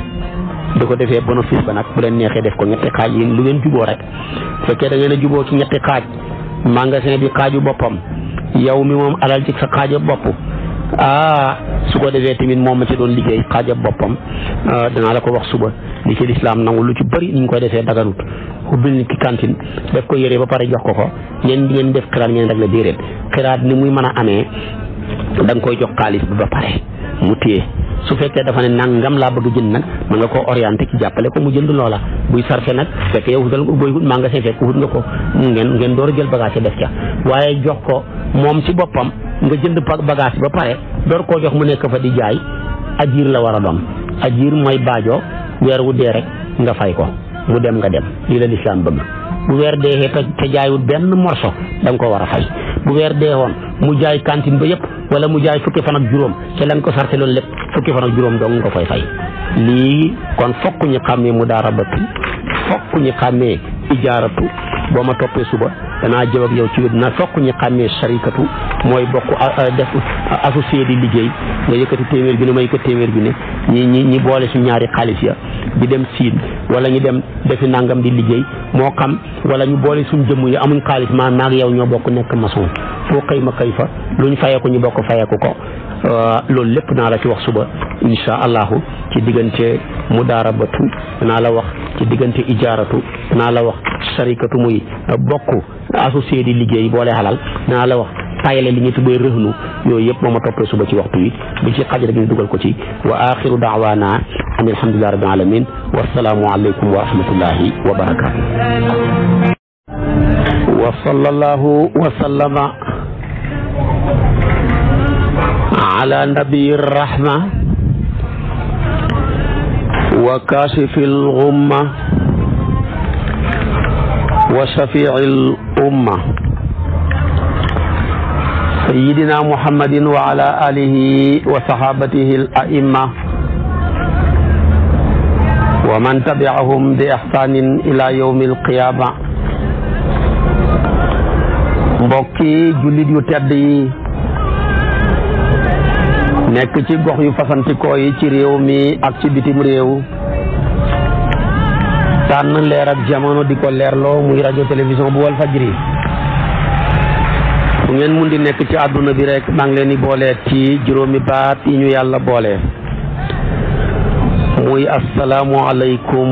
du ko defee bénéfice ba nag bu leen neexee def ko ñetti xaaj yi lu ngeen juboo rek fekkee da juboo ci ñetti xaaj magasin bi xaaju boppam yow mi moom alal ci sa xaaja bopp ah su ko defee tamit moom ma ci doon liggéey xaaja boppam ah, danaa la ko wax suba li ci lislaam nangu lu ci bëri nu ñu koy defee daganut ubbil ki cantine def ko yére ba pare jox ko ko ngeen ngeen def xiraat ngeen rek la déedéet xiraat ni muy mën a amee da koy jox xaalis bi ba pare mu téye su fekkee dafa ne nangam laa bëgg jënd nag mën nga koo orienté ci jàppale ko mu jënd loola buy sarfe nag fekk yow wutal booy wut magasin fekk wut nga ko ngeen ngeen door a jël bagage def ca waaye jox ko moom ci boppam nga jënd bagage ba pare door koo jox mu nekk fa di jaay ajiir la war a doon ajiir mooy baajoo weer wu dee rek nga fay ko bu dem nga dem lii la lislaam bëgg bu weer dee te jaayul benn morso da nga ko war a fay bu weer dee woon mu jaay cantine ba yëpp wala mu jaay fukki fan ak juróom te la ko sarte loolu lépp fukki fan ak juróom dong nga ko fay fay lii kon fokk ñu xàmmee mudaarabatu fokk ñu xàmmee ijaaratu boo ma toppee suba danaa jëw ak yow ci wét na fokk ñu xàmmee sharikatu mooy bokk def associé di liggéey nga yëkkati téeméer gi ne ma yëkkati téeméer bi ni ñi ñi ñi boole su ñaari xaalis bi dem siin walla ñu dem defi nangam di liggéey moo xam wala ñu boole suñ jëmm yi amuñ xaalis ma maag yow ñoo bokk nekk maçon foo xëy ma xëy fa luñ fayeeku ñu bokk fayeeku ko euh, loolu lépp naa la ci wax suba insha allahu ci diggante mudaarabatu naa la wax ci diggante ijaaratu naa la wax sarikatu muy bokk associé di liggéey boole xalal naa la wax tayale li ñu tuddee rëhnu yooyu yëpp moo ma toppee suba ci waxtu wi bu ci xaj rek ñu dugal ko ci wa axiru daawaana an alhamdulillahi rabbil alamin wa salaamu aleykum wa rahmatullahi wa barakaatu wa sallallahu wa sallama ala nabii rahma wa kaashifi lgumma wa shafii l umma sayidina muhammadin wa ala alihi wa sahabatihi al aimma wa man tabiahum bi ihsanin ila yawmi alqiyama mbokki jullit yu tedd yi nekk ci gox yu fasantikoo yi ci réew mi ak ci bitim réew tànn leer ak jamono di ko leerloo muy rajo télévision bu Walfadjri bu ngeen mun di nekk ci àdduna bi rek maa ngi leen di booleet ci juróomi baat yi ñu yàlla boole muy asalaamualeykum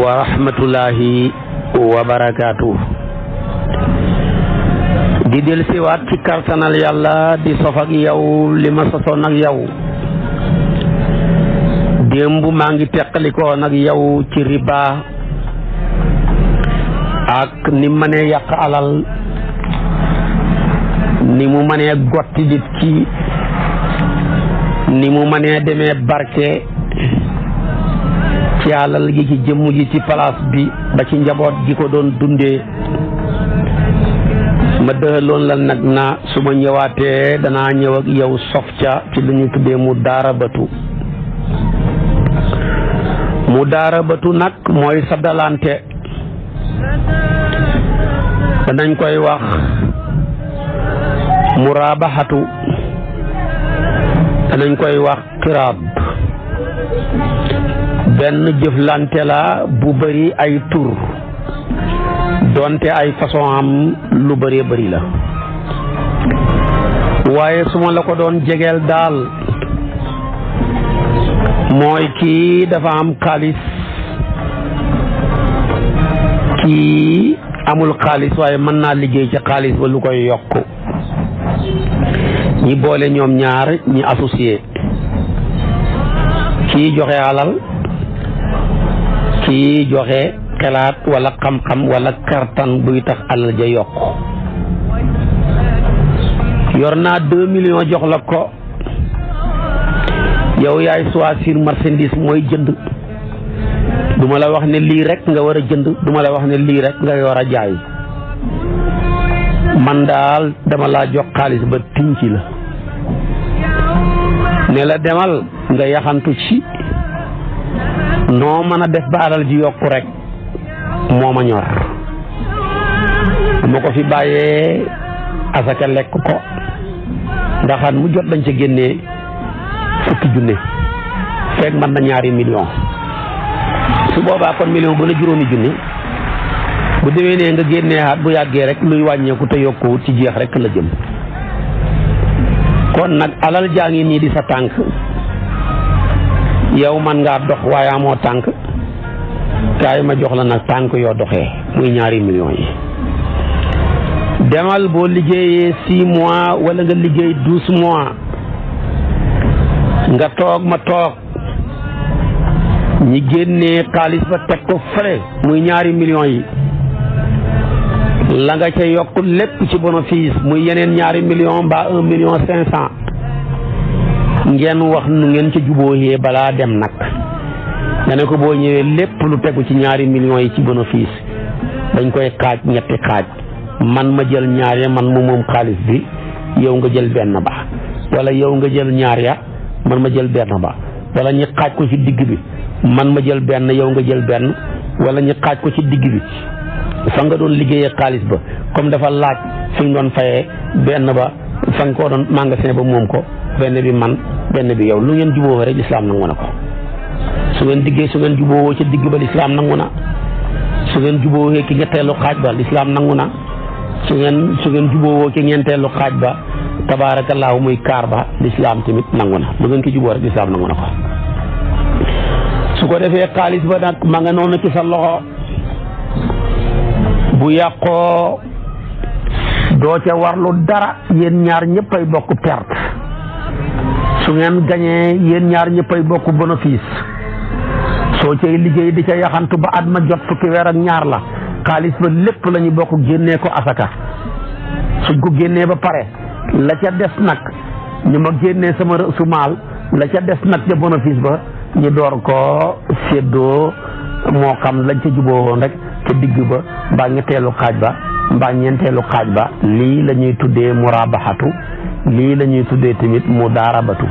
wa rahmatulahi wa barakaatu. di del siwaat ci kartanal yàlla di sof ak yow li ma sosoon ak yow démb maa ngi teqalikoo nag yow ci riba ak ni mënee yàq alal ni mu mënee gotti nit ki ni mu mënee demee barke ci alal gi ci jëmm ji ci palaas bi da ci njaboot gi ko doon dundee ma dëxaloon la nag na su ma ñëwaatee danaa ñëw ak yow sof ca ci lu tuddee mu daara batu mu daara nag mooy sa danañ koy wax muraabaxatu danañ koy wax kiraab benn jëflante la bu bari ay tur doonte ay façon am lu bëree bari la waaye su ma la ko doon jegeel daal mooy kii dafa am xaalis kii amul xaalis waaye mën naa liggéey ci xaalis ba lu koy yokk ñi boole ñoom ñaar ñi associé kii joxe alal ci joxe xelaat wala xam-xam wala kartan buy tax alal ja yokk yor naa deux millions jox la ko yow yaay choisir marchandise mooy jënd du ma la wax ne lii rek nga war a jënd duma la wax ne lii rek nga war a jaay man daal dama laa jox xaalis ba tinci la ne la demal nga yaxantu ci noo mën a def ba di ji yokku rek moo ma ñor ma ko fi bàyyee asaka lekk ko ndaxaan mu jot dañ ca génnee fukki junne fekk man na ñaari million su boobaa kon million bu ne juróomi junni bu déwénee nga génnee at bu yàggee rek luy wàññeeku te yokkuwut ci jeex rek la jëm kon nag alal jaa ngi nii di sa tànk yow man ngaa dox waaye amoo tànk kaay ma jox la nag tànk yow doxee muy ñaari millions yi demal boo liggéeyee six mois wala nga liggéey douze mois nga toog ma toog ñi génnee xaalis ba teg ko fële muy ñaari million yi la nga ca yokk lépp ci bénéfice muy yeneen ñaari million mbaa un million cinq cent ngeen wax nu ngeen ca jubóoyee balaa dem nag nga ne ko boo ñëwee lépp lu tegu ci ñaari millions yi ci bénéfice dañ koy xaaj ñetti xaaj man ma jël ñaar ya man mu moom xaalis bi yow nga jël benn ba wala yow nga jël ñaar ya man ma jël benn ba wala ñi xaaj ko ci digg bi man ma jël benn yow nga jël benn wala ñu xaaj ko ci digg bi fa nga doon liggéeyee xaalis ba comme dafa laaj fi nga doon fayee benn ba fa nga koo doon magasin ba moom ko benn bi man benn bi yow lu ngeen jubóowee rek lislaam nangu na ko su ngeen diggee su ngeen jubóowoo ca digg ba lislaam nangu na su ngeen jubóowee ki ñetteelu xaaj ba lislaam nangu na su ngeen su ngeen jubóowoo ki ngeentee lu xaaj ba tabaarakallaahu muy kaar ba lislaam tamit nangu na lu ngeen ko juboo rek lislaam nangu na ko su ko defee xaalis ba nag ma nga noonu ci sa loxo bu yàqoo doo ca warlu dara yéen ñaar ñëppay bokk perte su ngeen gañee yéen ñaar ñëppay bokk bénéfice soo cay liggéey di ca yaxantu ba at ma jot fukki weer ak ñaar la xaalis ba lépp la bokk génnee ko asaka suñ ko génnee ba pare la ca des nag ñu ma génnee sama rësu maal la ca des nag ca bénéfice ba ñu door ko séddoo moo xam lañ ca juboo woon rek ca digg ba mbaa ñetteelu xaaj ba mbaa ñeenteelu xaaj ba lii la tuddee muraabaxatu lii lañuy tuddee tamit mu daarabatu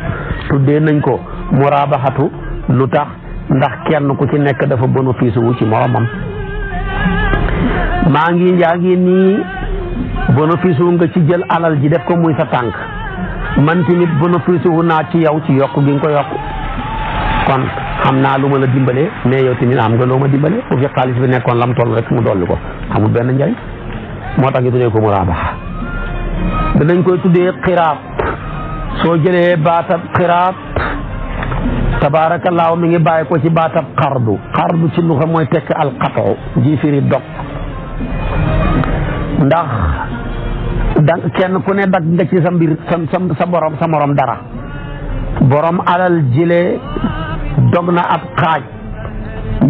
tuddee nañ ko muraabaxatu lu tax ndax kenn ku ci nekk dafa bénéfice wu ci moromam maa ngi yaa ngi nii bénéfice nga ci jël alal ji def ko muy sa tànk man tamit bénéfice wu naa ci yow ci yokk gi ko yokk kon xam naa lu ma la dimbalee mais yow tamit am nga loo ma dimbalee bu fi xaalis bi nekkoon lam toll rek mu dolli ko amul benn njariñ moo tax ñu tuddee ko muraabax danañ koy tuddee xiraab soo jëlee baatab xiraab tabaarakallaahu mi ngi bàyyi ko ci baatab xardu xardu ci lu mooy tekk alxatoo ji firi dog ndax da kenn ku ne dag nga ci sa mbir sa sa borom sa morom dara borom alal jile dog na ab xaaj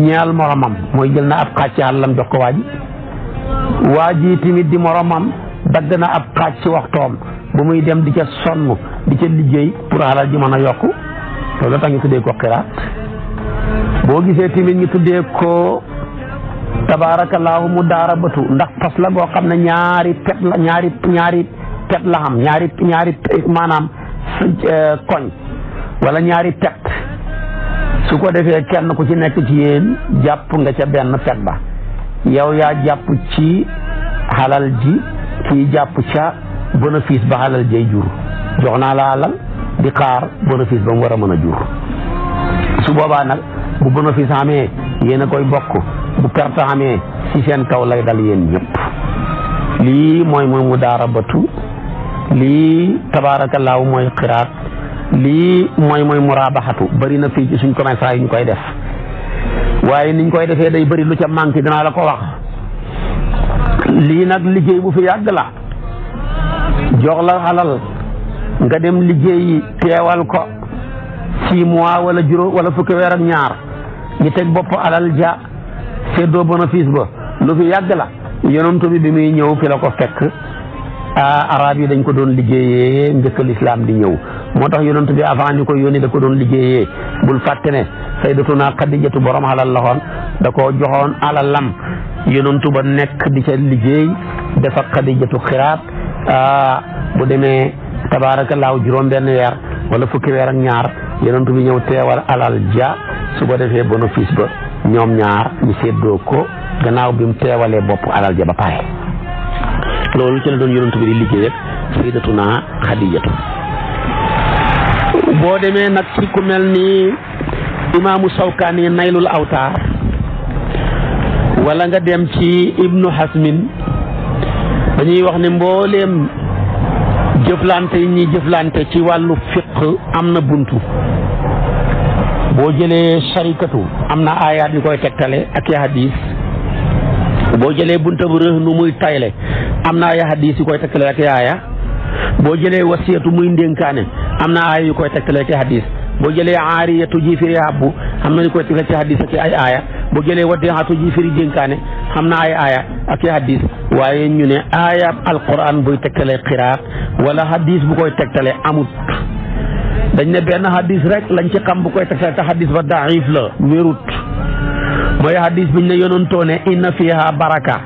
ñeel moromam mooy jël na ab xaaj ci àllam jox ko waa ji waa ji di moromam dagg na ab xaaj ci waxtoom ba muy dem di ca sonn di ca liggéey pour alal ji mën a yokk loolu tax ñu tuddee ko xiraat boo gisee tamit ñu tuddee ko tabaarakallaahu mu daara batu ndax fas la goo xam ne ñaari pet pet la xam ñaari ñaari maanaam eh, koñ wala ñaari pet su ko defee kenn ku ci nekk ci yéen jàpp nga ca benn pet ba yow yaa jàpp ci xalal ji kii jàpp ca bénéfice ba xalal jay jur jox naa la alal di xaar bénéfice ba mu war a mën a jur su boobaa nag bu bénéfice amee yéen a koy bokk bu perte amee ci seen kaw lay dal yéen ñëpp lii mooy mu daara batu lii tabaarakallaahu mooy xiraat lii mooy mooy muraabaxatu bari na fii suñ commerçant yi ñu koy def waaye niñ koy defee day bëri lu ca manqué dinaa la ko wax lii nag liggéey bu fi yàgg la jox alal nga dem liggéey teewal ko six mois wala juróom wala fukki weer ak ñaar ñu teg bopp alal ja seddoo bénéfice ba lu fi yàgg la yenoon bi bi muy ñëw fi la ko fekk Ah, arab yi dañ ko doon liggéeyee njëkk lislaam di ñëw moo tax yonent bi avant ñu ko yónni da ko doon liggéeyee bul fàtte ne sayyidatuna Xadijatu borom alal la xoon da ko joxoon alalam yonent ba nekk di ca liggéey dafa Xadijatu xiraat ah, bu demee tabaarakallaahu juróom benn weer wala fukki weer ak ñaar yonent bi ñëw teewal alal ja su ko defee bénéfice ba ñoom ñaar ñu séddoo ko gannaaw bi mu teewalee bopp alal ja ba pare loolu ci la doon yonent bi di liggéey ak sayyidatuna Xadijatu boo demee nag ci ku mel ni imaamu Sawkaani naylul awtaar wala nga dem ci ibnu hasmin dañuy wax ne mbooleem jëflante yi ñuy jëflante ci wàllu fiq am na buntu boo jëlee sharikatu am na aayaat yu koy tegtale ak i hadis boo jëlee bunta bu rëx nu muy tayle am na ay hadis yu koy tegtale ak yaaya boo jëlee wasiyatu muy ndénkaane am na aaya yu koy tegtale ci hadis boo jëlee aariyatu ji firi habbu am na yu koy tegtale ji firi dénkaane xam na ay aaya ak i hadis waaye ñu ne aaya alquran buy tegtale qiraat wala hadis bu koy tegtale amut dañ ne benn hadis rek lañ ci xam bu koy tegtale te hadis ba daif la wérut mooy hadis biñ ne yonantoone inna fiha baraka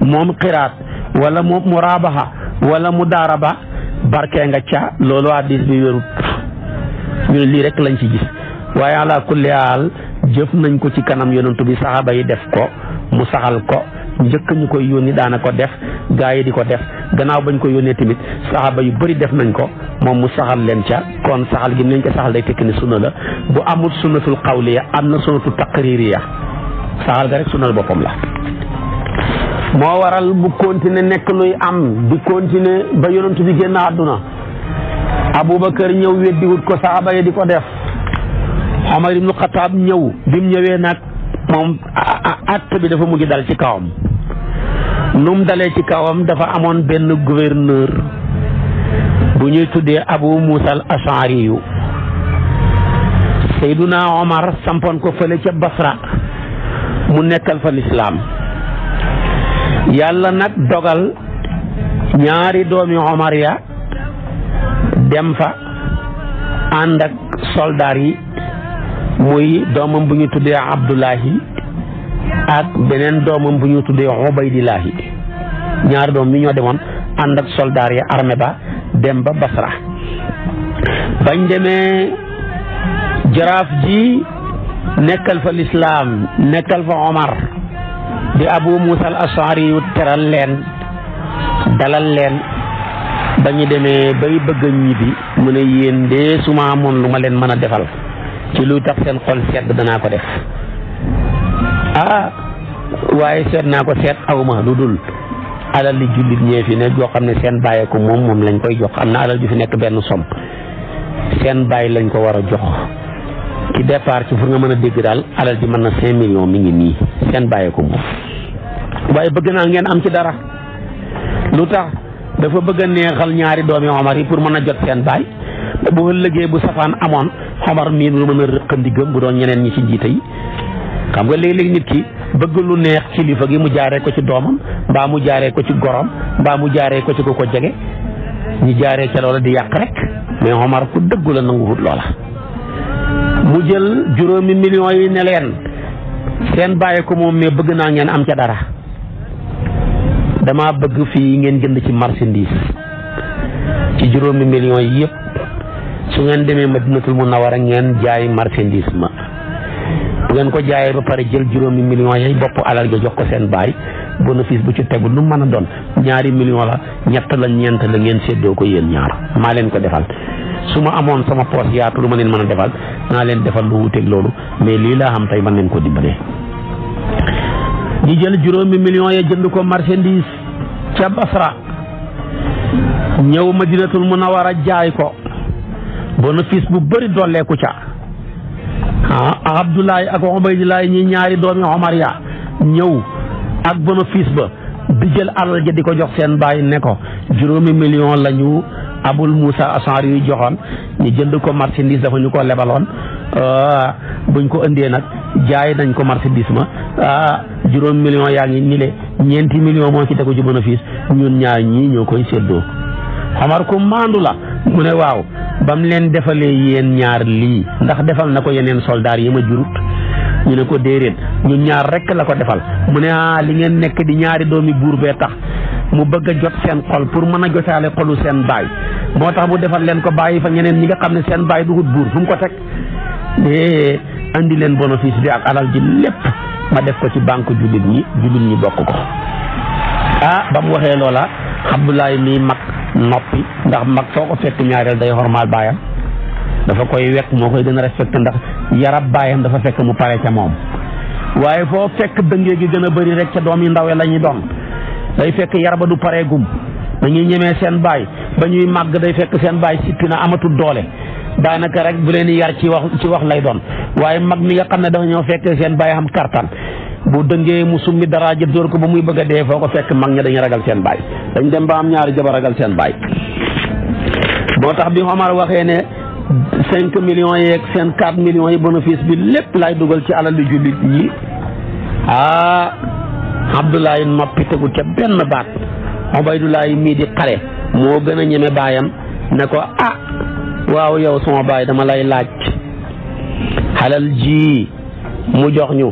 moom qiraat wala mu muraabaxa wala mu daara ba barke nga ca loolu hadis bi wérut ñu lii rek lañ ci gis waaye ala kulli haal jëf nañ ko ci kanam yonantu bi saxaaba yi def ko mu saxal ko njëkk ñu koy yónni daana ko def gaa yi di ko def gannaaw bañ ko yónnee tamit saxaaba yu bari def nañ ko moom mu saxal leen ca kon saxal gi mu leen ca saxal day tekki ni sunna la bu amul sunnatul xawliya am na sunnatul taqririya saxal ga rek sunna boppam la moo waral mu continuer nekk luy am di continuer ba yonent bi génn àdduna Aboubacar ñëw weddiwut ko saaba yi di ko def Omar ibnu Xataab ñëw bim ñëwee nag moom acte bi dafa mujj dal ci kawam nu mu dalee ci kawam dafa amoon benn gouverneur bu ñuy tuddee Abu Muusa al Ashari yu Seyduna Omar sampoon ko fële ca Basra mu nekkal fa lislaam yàlla nag dogal ñaari doomi Omar ya dem fa ànd ak soldaar yi muy doomam bu ñu tuddee Abdullahi ak beneen doomam bu ñu tuddee Ubaydillahi ñaari doom yi ñoo demoon ànd ak soldaar ya armée ba dem ba Basra bañ demee jaraaf ji nekkal fa lislaam nekkal fa Omar di abu musa al ashari yu teral leen dalal leen ba ñu demee bay bëgg a ñibbi mu ne yéen de su ma amoon lu ma leen mën a defal ci luy tax seen xol sedd danaa ko def ah waaye seet naa ko seet awma lu dul alal li jullit ñee fi ne joo xam ne seen bàyyee ko moom moom lañ koy jox am na alal ju fi nekk benn som seen bàyyi lañ ko war a jox ci départ ci pour nga mën a dégg daal alal ji mën na cinq millions mi ngi nii seen bàyyee ko moom waaye bëgg naa ngeen am ci dara lu tax dafa bëgg a neexal ñaari doomi Omar yi pour mën a jot seen baay te bu ëllëgee bu safaan amoon Omar mii lu mën a rëqandi gëm bu doon ñeneen ñi ci njiite yi xam nga léeg-léeg nit ki bëgg lu neex kilifa gi mu jaaree ko ci doomam mbaa mu jaaree ko ci gorom mbaa mu jaaree ko ci ku ko jege ñu jaaree ca loola di yàq rek mais la nangu wut mu jël juróomi million yi ne leen seen bàyyi ko moom mais bëgg naa ngeen am ca dara dama bëgg fii ngeen jënd ci marchandise ci juróomi millions yi yëpp su ngeen demee mu na war a ngeen jaay marchandise ma bu ngeen ko jaayee ba pare jël juróomi millions yi bopp alal ga jox ko seen baay bénéfice bu ci tegu lu mën a doon ñaari million la ñett la ñeent la ngeen seddoo ko yéen ñaar maa leen ko defal su ma amoon sama poos yaatu lu ma leen mën a defal naa leen defal lu wuteeg loolu mais lii laa xam tey man leen ko dimbalee ñi jël juróomi millions ya jënd ko marchandise ca Basra ñëw ma dinatul a war a jaay ko bénéfice bu bëri dolleeku ca ah Abdoulaye ak Ubaydillahi ñi ñaari doomi Omar ya ñëw ak bénéfice ba di jël alal ja di ko jox seen bàyyi ne ko juróomi million la ñu abul Moussa Ashari yu joxoon ñu jënd ko marchandise dafa ñu ko lebaloon ah, buñ ko indee nag jaay nañ ko marchandise ma ah juróomi million yaa ngi nii ñeenti million moo ci tegu ci bénéfice ñun ñaar ñii ñoo koy séddoo xamar ko maandu la mu ne waaw bam leen defalee yéen ñaar lii ndax defal na ko yeneen soldaar yi ma jurut ñu ne ko déedéet ñu ñaar rek la ko defal mu ne ah li ngeen nekk di ñaari doomi buur bee tax mu bëgg a jot seen xol pour mën a jotaale xolu seen baay moo tax mu defal leen ko bàyyi fa ñeneen ñi nga xam ne seen baay dugut buur fu mu ko teg mais andi leen bénéfice bi ak alal ji lépp ma def ko ci banque jullit ñi jullit ñi bokk ko ah ba mu waxee loola Abdoulaye mii mag noppi ndax mag foo ko fekk ñaareel day xormaal baayam dafa koy wekk moo koy gën a respecté ndax yarab baayam dafa fekk mu pare ca moom waaye foo fekk dëngee gi gën a bëri rek ca doom yi ndaw la ñuy doon day fekk ba du paree gum dañuy ñemee seen baay ba ñuy màgg day fekk seen baay sippi na amatul doole daanaka rek bu leen yar ci wax ci wax lay doon waaye mag mi nga xam ne dafa ñoo fekk seen baay xam kartan bu dëngee mu summi dara jëf door ko ba muy bëgg dee foo ko fekk mag ña dañuy ragal seen baay dañ dem ba ñaari jabar ragal seen baay cinq millions yeeg seen quatre millions yi bénéfice bi lépp laay dugal ci alal li jullit ñi ah Abdoulaye noppi tegu ca benn baat Obaydoulaye mii di xare moo gën a ñeme baayam ne ko ah waaw yow suma baay dama lay laaj alal ji mu jox ñu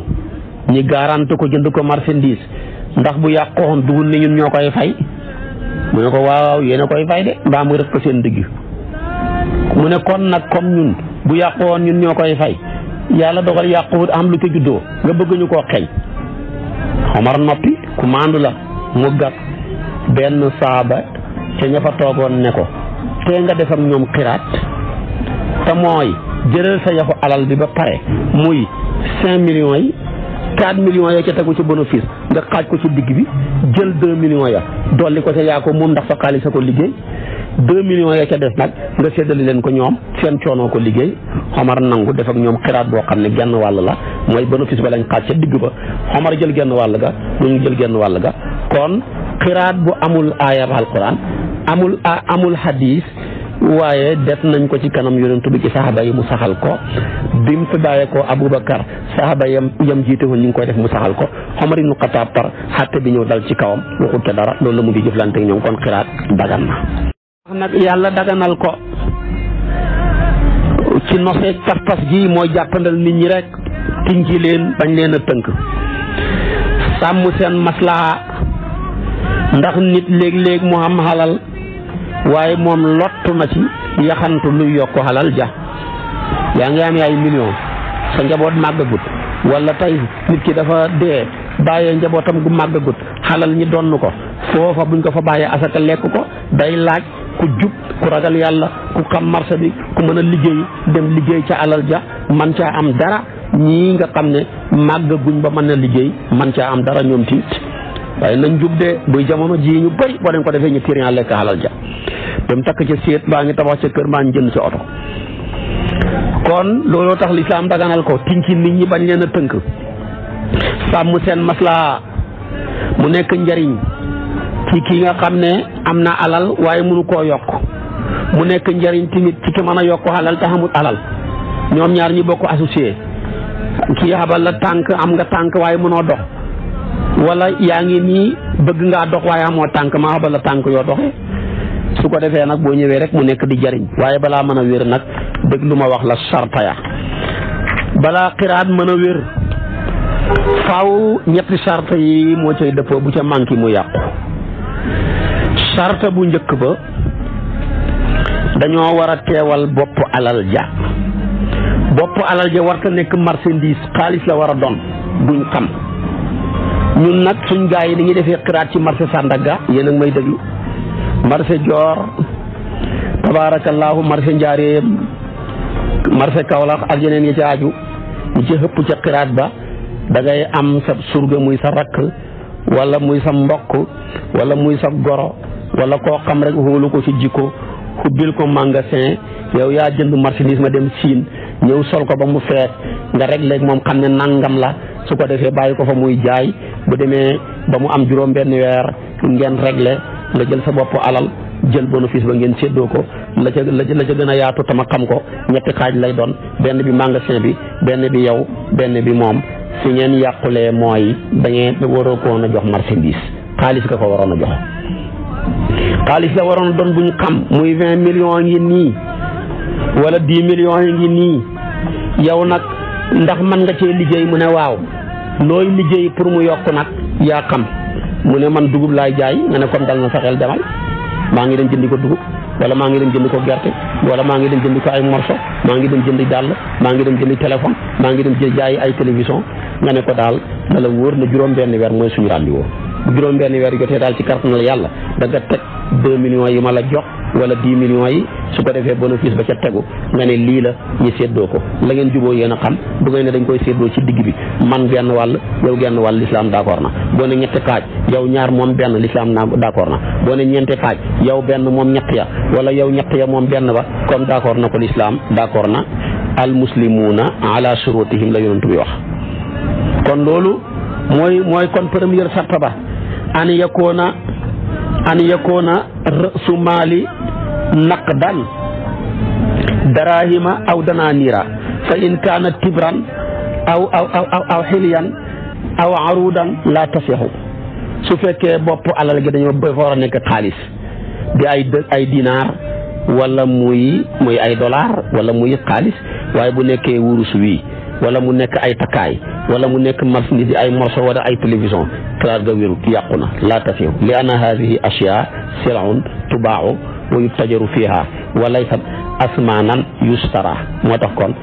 ñi garante ko jënd ko marchandise ndax bu yàqoon dugul ni ñun ñoo koy fay mu ne ko waaw yéen a koy fay de mbaa mu def ko seen digg mu ne kon nag comme ñun bu yàqu woon ñun ñoo koy fay yàlla dogal yàquwut am lu ko juddoo nga bëgg koo xeeñ Omar noppi ku maandu la mu gàtt benn saaba ca ña fa toogoon ne ko te nga def ak ñoom xiraat te mooy jëlal sa yaxu alal bi ba pare muy cinq millions yi quatre millions ya ca tegu ci bénéfice nga xaaj ko ci digg bi jël deux millions ya dolli ko ca yaa ko moom ndax sa xaalis a ko liggéey deux millions ya ca des nag nga séddale leen ko ñoom seen coonoo ko liggéey Omar nangu def ak ñoom xiraat boo xam ne genn wàll la mooy bénéfice ba lañ xaaj ca digg ba Omar jël genn wàll ga ñu jël genn wàll ga kon xiraat bu amul aayab alquran amul amul hadis waaye def nañ ko ci kanam yonent bi ci saxaaba yi mu saxal ko bi mu fi bàyyeekoo Aboubacar saxaaba yam yam jiite woon ñu ngi koy def mu saxal ko Omar ibnu Xataab par xàtte bi ñëw dal ci kawam waxut dara loolu la mu ngi jëflante ak ñoom kon xiraat dagan nag yàlla daganal ko ci nosee pas gi mooy jàppandal nit ñi rek tinki leen bañ leen a tënk sàmm seen maslaha ndax nit léeg-léeg mu am xalal waaye moom lottu na ci yaxantu luy yokk xalal ja yaa ngi am ay million sa njaboot màggagut wala tey nit ki dafa dee bàyyee njabootam gu màggagut xalal ñi donn ko foofa buñ ko fa bàyyee asaka lekk ko day laaj ku jub ku ragal yàlla ku xam marché bi ku mën a liggéey dem liggéey ca alal ja man caa am dara ñii nga xam ne màgg guñ ba mën na liggéey man caa am dara ñoom tiit waaye nañ jub de buy jamono ji ñu bëri boo leen ko defee ñu tiriyan lekk alal ja dem takk ca séet baa ngi tabax ca kër maa ngi jënd ca oto kon looloo tax lislaam daganal ko tinki nit ñi bañ leen a tënk sàmm seen maslaa mu nekk njariñ ci ki nga xam ne am na alal waaye mënu koo yokk mu nekk njariñ tamit ci ki mën a yokk alal te xamut alal ñoom ñaar ñi bokk associé kii xabal la tànk am nga tànk waaye mënoo dox wala yaa ngi nii bëgg ngaa dox waaye amoo tànk maa xabal la tànk yoo doxee su ko defee nag boo ñëwee rek mu nekk di jariñ waaye balaa mën a wér nag dëgg lu ma wax la sarta ya balaa xiraat mën a wér faaw ñetti sarta yi moo cay dëppoo bu ca manqué mu yàqu sarta bu njëkk ba dañoo war a teewal bopp alal ja bopp alal ja warta nekk marchandise xaalis la war a doon duñ xam ñun nag suñ gaa yi dañuy defee xiraat ci marché Sandaga yéen a may déglu marché joor tabaarakallaahu marché Njaareem marse Kaolack ak yeneen yi ci aju yi ci xëpp ca xiraat ba dangay am sa surga muy sa rakk wala muy sa mbokk walla muy sa goro wala koo xam rek wóolu ko ci jikko xubbil ko magasin yow yaa jënd marchandise ma dem siin ñëw sol ko ba mu fees nga rek léegi moom xam ne nangam la su ko defee bàyyi ko fa muy jaay bu demee ba mu am juróom benn weer ngeen réglé la jël sa bopp alal jël bénéfice ba ngeen seddoo ko la ca la ca gën a yaatu tama xam ko ñetti xaaj lay doon benn bi magasin bi benn bi yow benn bi moom fi ngeen yàqulee mooy da ngeen waroo ko a jox marchandise xaalis nga ko waroon a jox xaalis la waroon doon buñ xam muy vingt million ngi nii wala dix millions yi ngi nii yow nag ndax man nga cee liggéey mu ne waaw looy liggéey pour mu yokk nag yaa xam mu ne man dugub lay jaay nga ne comme dal na sa demal maa ngi dem jëndi ko dugub wala maa ngi dem jëndi ko gerte wala maa ngi dem jëndi ko ay morso maa ngi dem jëndi dàll maa ngi dem jëndi téléphone maa ngi dem jënd jaay ay télévision nga ne ko daal na la wóor na juróom benn weer mooy suñu rendez bu juróom benn weer jotee daal ci kàttanal yàlla da teg deux millions yi ma la jox wala dix millions yi su ko defee bénéfice ba ca tegu nga ne lii la ñu séddoo ko la ngeen juboo yéen xam bu ne dañ koy séddoo ci digg bi man genn wàll yow genn wàll lislaam d'accord na boo ne ñetti xaaj yow ñaar moom benn lislaam naa d'accord na boo ne ñeenti xaaj yow benn moom ñett ya wala yow ñett ya moom benn ba comme d'accord na ko lislaam d'accord na al muslimuuna ala shurutihim la yonent bi wax kon loolu mooy mooy kon première an yakoona an yakoona ra'su maali naqdan darahima aw dananira fa in kaana tibran aw aw aw aw xilyan aw arudan la tasixu su fekkee bopp alal gi dañoo ba war a nekk xaalis di ay ay dinaar wala muy muy ay dollar wala muy xaalis waaye bu nekkee wurus wi wala mu nekk ay takkaay wala mu nekk mat yi ay morceau wala ay télévision kalaat ga wérut yàqu na laa tafiu li anna haadihi ashyaa siraun tubaaxu wa yutajaru fiha wa laysat asmaanan yustara moo tax kon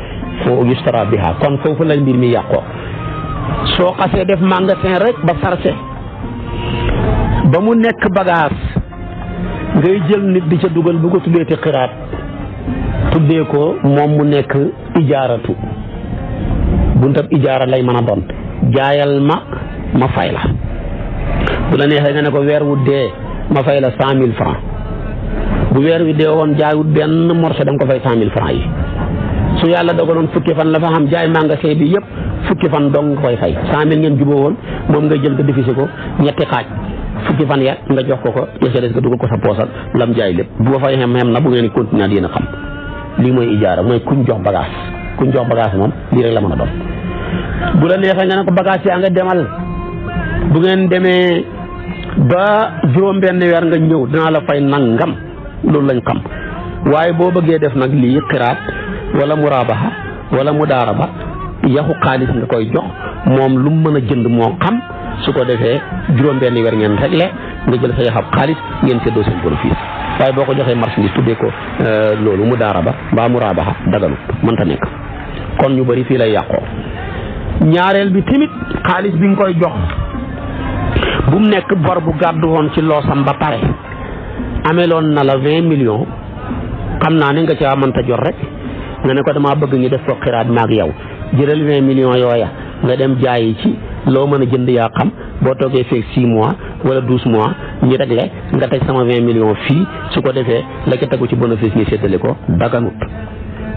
foo yustara biha kon foofu la mbir mi yàqoo soo xasee def magasin rek ba sarse ba mu nekk bagage ngay jël nit di ca dugal bu ko tuddee xiraat tuddee ko moom mu nekk ijaaratu buntab ijaara lay mën a doon jaayal ma ma fay la bu la neexee nga ne ko weer wu dee ma fay la cent mille franc bu weer wi dee woon jaayut benn morceau da nga ko fay cent mille franc yi su yàlla dogaloon fukki fan la fa xam jaay magasin bi yëpp fukki fan dong nga koy fay cent mille ngeen juboo woon moom nga jël nga diviser ko ñetti xaaj fukki fan ya nga jox ko ko ya ca des nga dugal ko sa poosal lam jaay lépp boo ba fay xem xem na bu ngeen continuer dina xam lii mooy ijaara mooy kuñ jox bagage kuñ jox bagage moom lii rek la mën a doon bu la neexee nga ne ko bagage yaa nga demal bu ngeen demee ba juróom benn weer nga ñëw dinaa la fay nangam loolu lañ xam waaye boo bëggee def nag lii xiraat wala murabaha wala mudaaraba yaxu xaalis nga koy jox moom lu mu mën a jënd moo xam su ko defee juróom benn weer ngeen réglé nga jël sa yaxab xaalis ngeen seddoo seen bénéfice waaye boo ko joxee marchandise tuddee ko euh, loolu mu daara murabaha daganu mënta kon ñu bari fii la yàqoo ñaareel bi tamit xaalis bi nga koy jox bu mu nekk bor bu gàddu woon ci loosam ba pare ameloon na la vingt millions xam naa ne nga caa mënta jot rek nga ne ko damaa bëgg ñu def ko xiraat maag yow jëlal vingt million yooya nga dem jaayi ci loo mën a jënd yaa xam boo toogee feeg six mois wala douze mois ñu réglé nga teg sama vingt millions fii su ko defee la ca tegu ci bénéfice ñu séddale ko daganut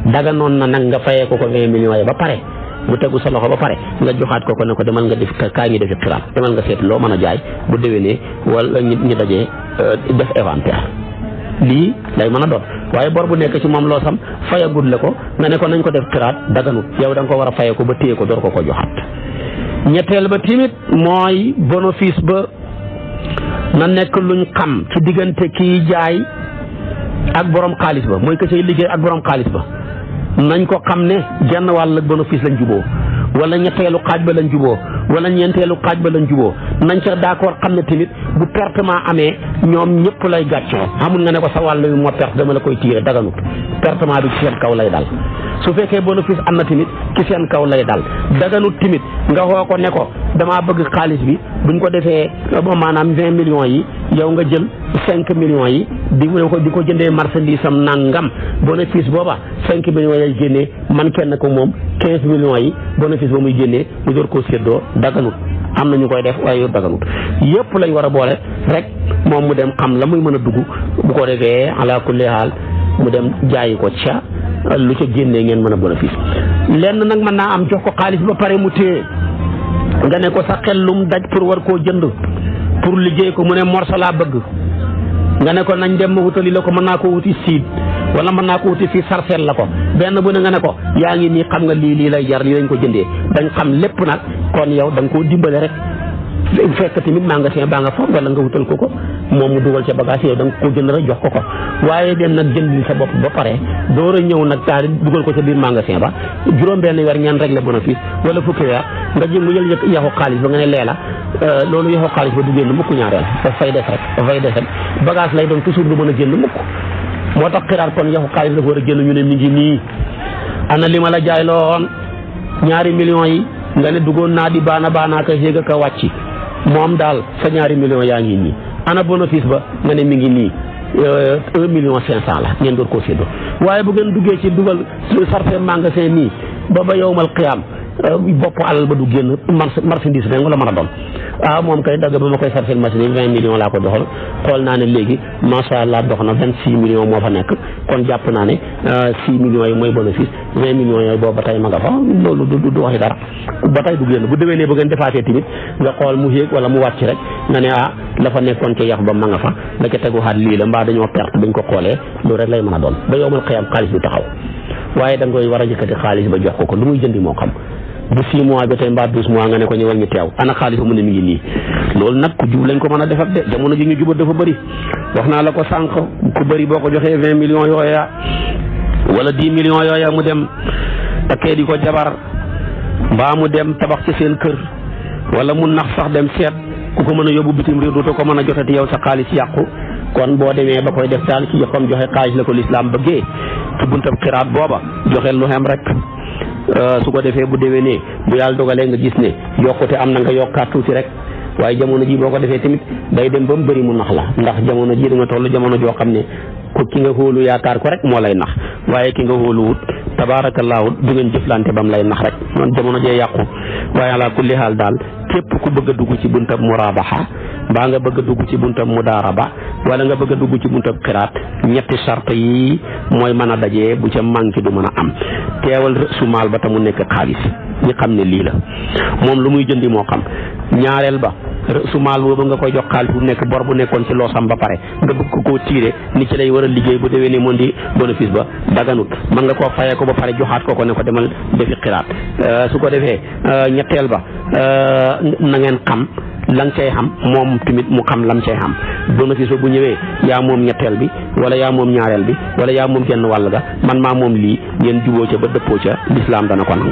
daga noon na nag nga fayee ko ko vingt millions yi ba pare mu tegu sa loxo ba pare nga joxaat ko ko ne ko demal nga def kaa ñu defi xiraam demal nga seet loo mën a jaay bu déwénee wala ñu ñu dajee euh, def inventaire lii lay mën a doon waaye bor bu nekk ci moom loo sam fayagul la ko nga ne ko nañ ko def xiraat daganut yow da ko war a fayee ko ba téye ko door ko ko joxaat ñetteel ba timit mooy bonofice ba na nekk luñ xam ci diggante kii jaay ak borom xaalis mooy que say liggéey ak borom xaalis ba nañ ko xam ne genn wàll ak bénéfice lañ juboo wala ñetteelu xaaj ba lañ juboo wala ñeenteelu xaaj ba lañ juboo nañ ca d'accord xam ne tamit bu pertement amee ñoom ñëpp lay gàccoo xamul nga ne ko sa wàll wi moo perte dama la koy tiire daganut pertement bi ci seen kaw lay dal su fekkee bénéfice am na tamit ci seen kaw lay dal daganut tamit nga xoo ko ne ko damaa bëgg xaalis bi buñ ko defee maanaam vingt millions yi yow nga jël cinq millions yi di ko di ko jëndee marchandise am nangam bénéfice booba cinq millions yi génnee man kenn ko moom quinze millions yi bénéfice ba muy génnee mu door koo séddoo daganut am na ñu koy def waaye yor daganut yëpp lañ war a boole rek moom mu dem xam la muy mën a dugg bu ko defee ala kulli mu dem jaayi ko ca lu ca génnee ngeen mën a bénéfice lenn nag mën naa am jox ko xaalis ba pare mu téye nga ne ko sa xel lum daj pour war koo jënd pour liggéey ko mu ne morsa laa bëgg nga ne ko nañ dem ma wutali la ko mën naa ko wuti siid wala mën naa ko wuti fii sarfeel la ko benn bu ne nga ne ko yaa ngi nii xam nga lii lii lay jar lii lañ ko jëndee dañ xam lépp nag kon yow da nga koo dimbale rek bu fekk tamit magasin baa nga fa wala nga wutal ko ko moom mu dugal ca bagage yow da nga ko jënd rek jox ko ko waaye dem nag jëndil sa bopp ba pare war a ñëw nag taal dugal ko ca biir magasin ba juróom-benn weer ñaan rek la bénéfice wala fukki weer nga jël mu jël yaxu xaalis ba nga ne leela euh, loolu yaxu xaalis ba du génn mukk ñaareel daf fay des rek daf fay des rek lay doon toujours du mën a génn mukk moo tax xiraat kon yaxu xaalis dafa war a génn ñu ne mi ngi nii ana li ma la jaay loon ñaari millions yi nga ne duggoon naa di baana baanaa ka yéeg a ka wàcc moom daal sa ñaari millions yaa ngi nii ana bénéfice ba nga ne mi ngi nii euh, un million cinq cent la ngeen door koo séddoo waaye bu ngeen duggee ci dugal màng magasin nii ba ba yowmal qiyaam euh, bopp alal ba du génn marchandise rek nga la mën a doon ah moom kay dagg ba ma koy sarfil machine yi vingt millions laa ko doxal xool naa ne léegi macha allah dox na vingt six millions moo fa nekk kon jàpp naa ne ah, six millions yi mooy bénéfice vingt millions yooyu boobu ba tey ma nga fa loolu du du waxi dara ba tey du génn bu déwénee ba ngeen defaatee tamit nga xool mu yéeg wala mu wàcc rek nga ne ah la fa nekkoon ca yax ba ma nga fa la ca teguwaat lii la mbaa dañoo perte buñ ko xoolee loolu rek lay mën a doon ba yomal xëyam xaalis du taxaw waaye da nga war a yëkkati xaalis ba jox ko ko lu muy jëndi moo xam bu six mois jotee mbaa douze mois nga ne ko ñëwal ñu teew mu nii loolu nag ku jub lañ ko mën a defat de jamono ji ñu jubat dafa bëri wax naa la ko sànq ku bëri boo ko joxee vingt millions yooya wala dix millions yooya mu dem takkee di ko jabar mbaa mu dem tabax ci seen kër wala mu nax sax dem seet ku ko mën a yóbbu bitim du dootoo ko mën a jotati yow sa xaalis yàqu kon boo demee ba koy def daal ci joxam joxe xaalis la ko lislaam bëggee ci buntab xiraat booba joxe lu xem rek Euh, su ko defee bu déwénee bu yàlla dogalee nga gis ne yokkute am na nga yokkaat tuuti rek waaye jamono ji boo ko defee tamit day dem ba mu bëri mu nax la ndax jamono ji da nga toll jamono joo xam ne ko ki nga xóolu yaakaar ko rek moo lay nax waaye ki nga xóolu wut tabaarakallaahu du ngeen jëflante ba mu lay nax rek noonu jamono jee yàqu waaye ala kulli haal daal képp ku bëgg a dugg ci buntab muraabaxa mbaa nga bëgg a dugg ci buntab mudaaraba wala nga bëgg a dugg ci buntab xiraat ñetti sart yi mooy man a dajee bu ca manqué du mën a am teewal su maal ba te mu nekk xaalis ñi xam ne lii la moom lu muy jëndi moo xam ñaareel ba su maal boobu nga ko jox xaalis bu nekk bor bu nekkoon ci loosam ba pare nga bëgg ko koo tiire ni ci lay war a liggéey bu déwee ne moom di bénéfice ba daganut mën nga koo fayee ko ba pare joxaat ko ko ne ko demal defi xiraat euh, su ko defee euh, ba euh, la nga cay xam moom tamit mu xam lam cay xam bénéfice bu ñëwee yaa moom ñetteel bi wala yaa moom ñaareel bi wala yaa moom genn wàll ga man maa moom lii ngeen juboo ca ba dëppoo ca lislaam dana ko nangu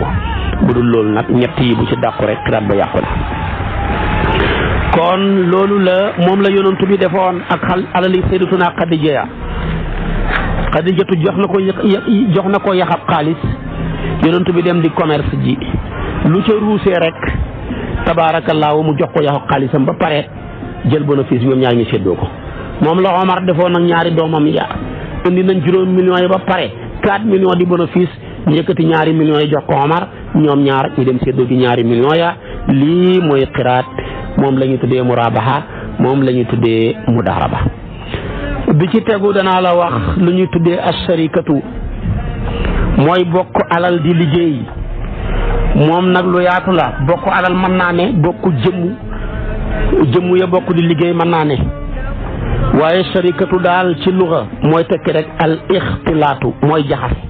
bu dul loolu nag ñett yi bu ci dàqu rek xiraat ba yàqu na kon loolu la moom la yonantu bi defoon ak xal alali sayyidatuna Xadija Xadijatu jox na ko jox na ko yaxab xaalis yonantu bi dem di commerce ji lu ca ruusee rek tabaarakallaahu mu jox ko yaxu xaalisam ba pare jël bénéfice bi ñoom ñaar ñu séddoo ko moom la Omar defoo nag ñaari doomam ya indi nañ juróom millions yi ba pare 4 millions di bénéfice ñu ñaari million yi jox ko Omar ñoom ñaar dem séddoo ñaari millions ya lii mooy xiraat moom la tuddee murabaha moom lañuy ñu tuddee mudaraba bi ci tegu danaa la wax lu ñu tuddee asharikatu mooy bokk alal di liggéey moom nag lu yaatu la bokk alal man naa ne bokk jëmm jëmm ya bokk di liggéey man naa ne waaye sharikatu daal ci luxa mooy tekki rek al ixtilaatu mooy jaxase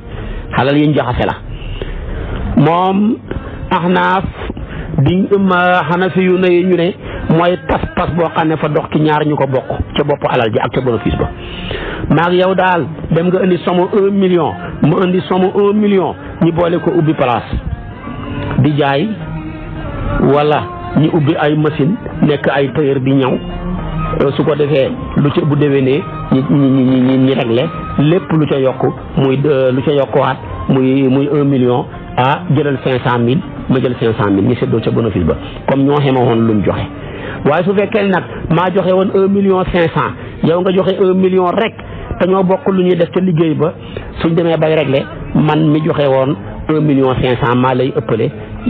xalal yiñ ñu jaxase la moom ahnaaf di xanafi yu ne ñu ne mooy pas-pas boo xam ne fa dox ci ñaar ñu ko bokk ca bopp alal ji ak ca bénéfice ba maag yow daal dem nga indi somme un million mu indi soma un million ñu boole ko ubbi place di jaay wala ñu ubbi ay machine nekk ay tailleur di ñaw euh, su ko defee lu ci bu déwénee ñi ñi ñi ñi réglé lépp lu ca yokk muy euh, lu ci ca yokkuwaat muy muy un million ah jëlal cinq cent mille ma jël cinq cent mille ñu seddoo ca bénéfice ba comme ñoo xema woon luñ joxe waaye su fekkee nag maa joxe woon un million cinq cent yow nga joxe un million rek te ñoo bokk lu ñuy def ca liggéey ba suñ demee bay réglé man mi joxe woon un million cinq cent maa lay ëppale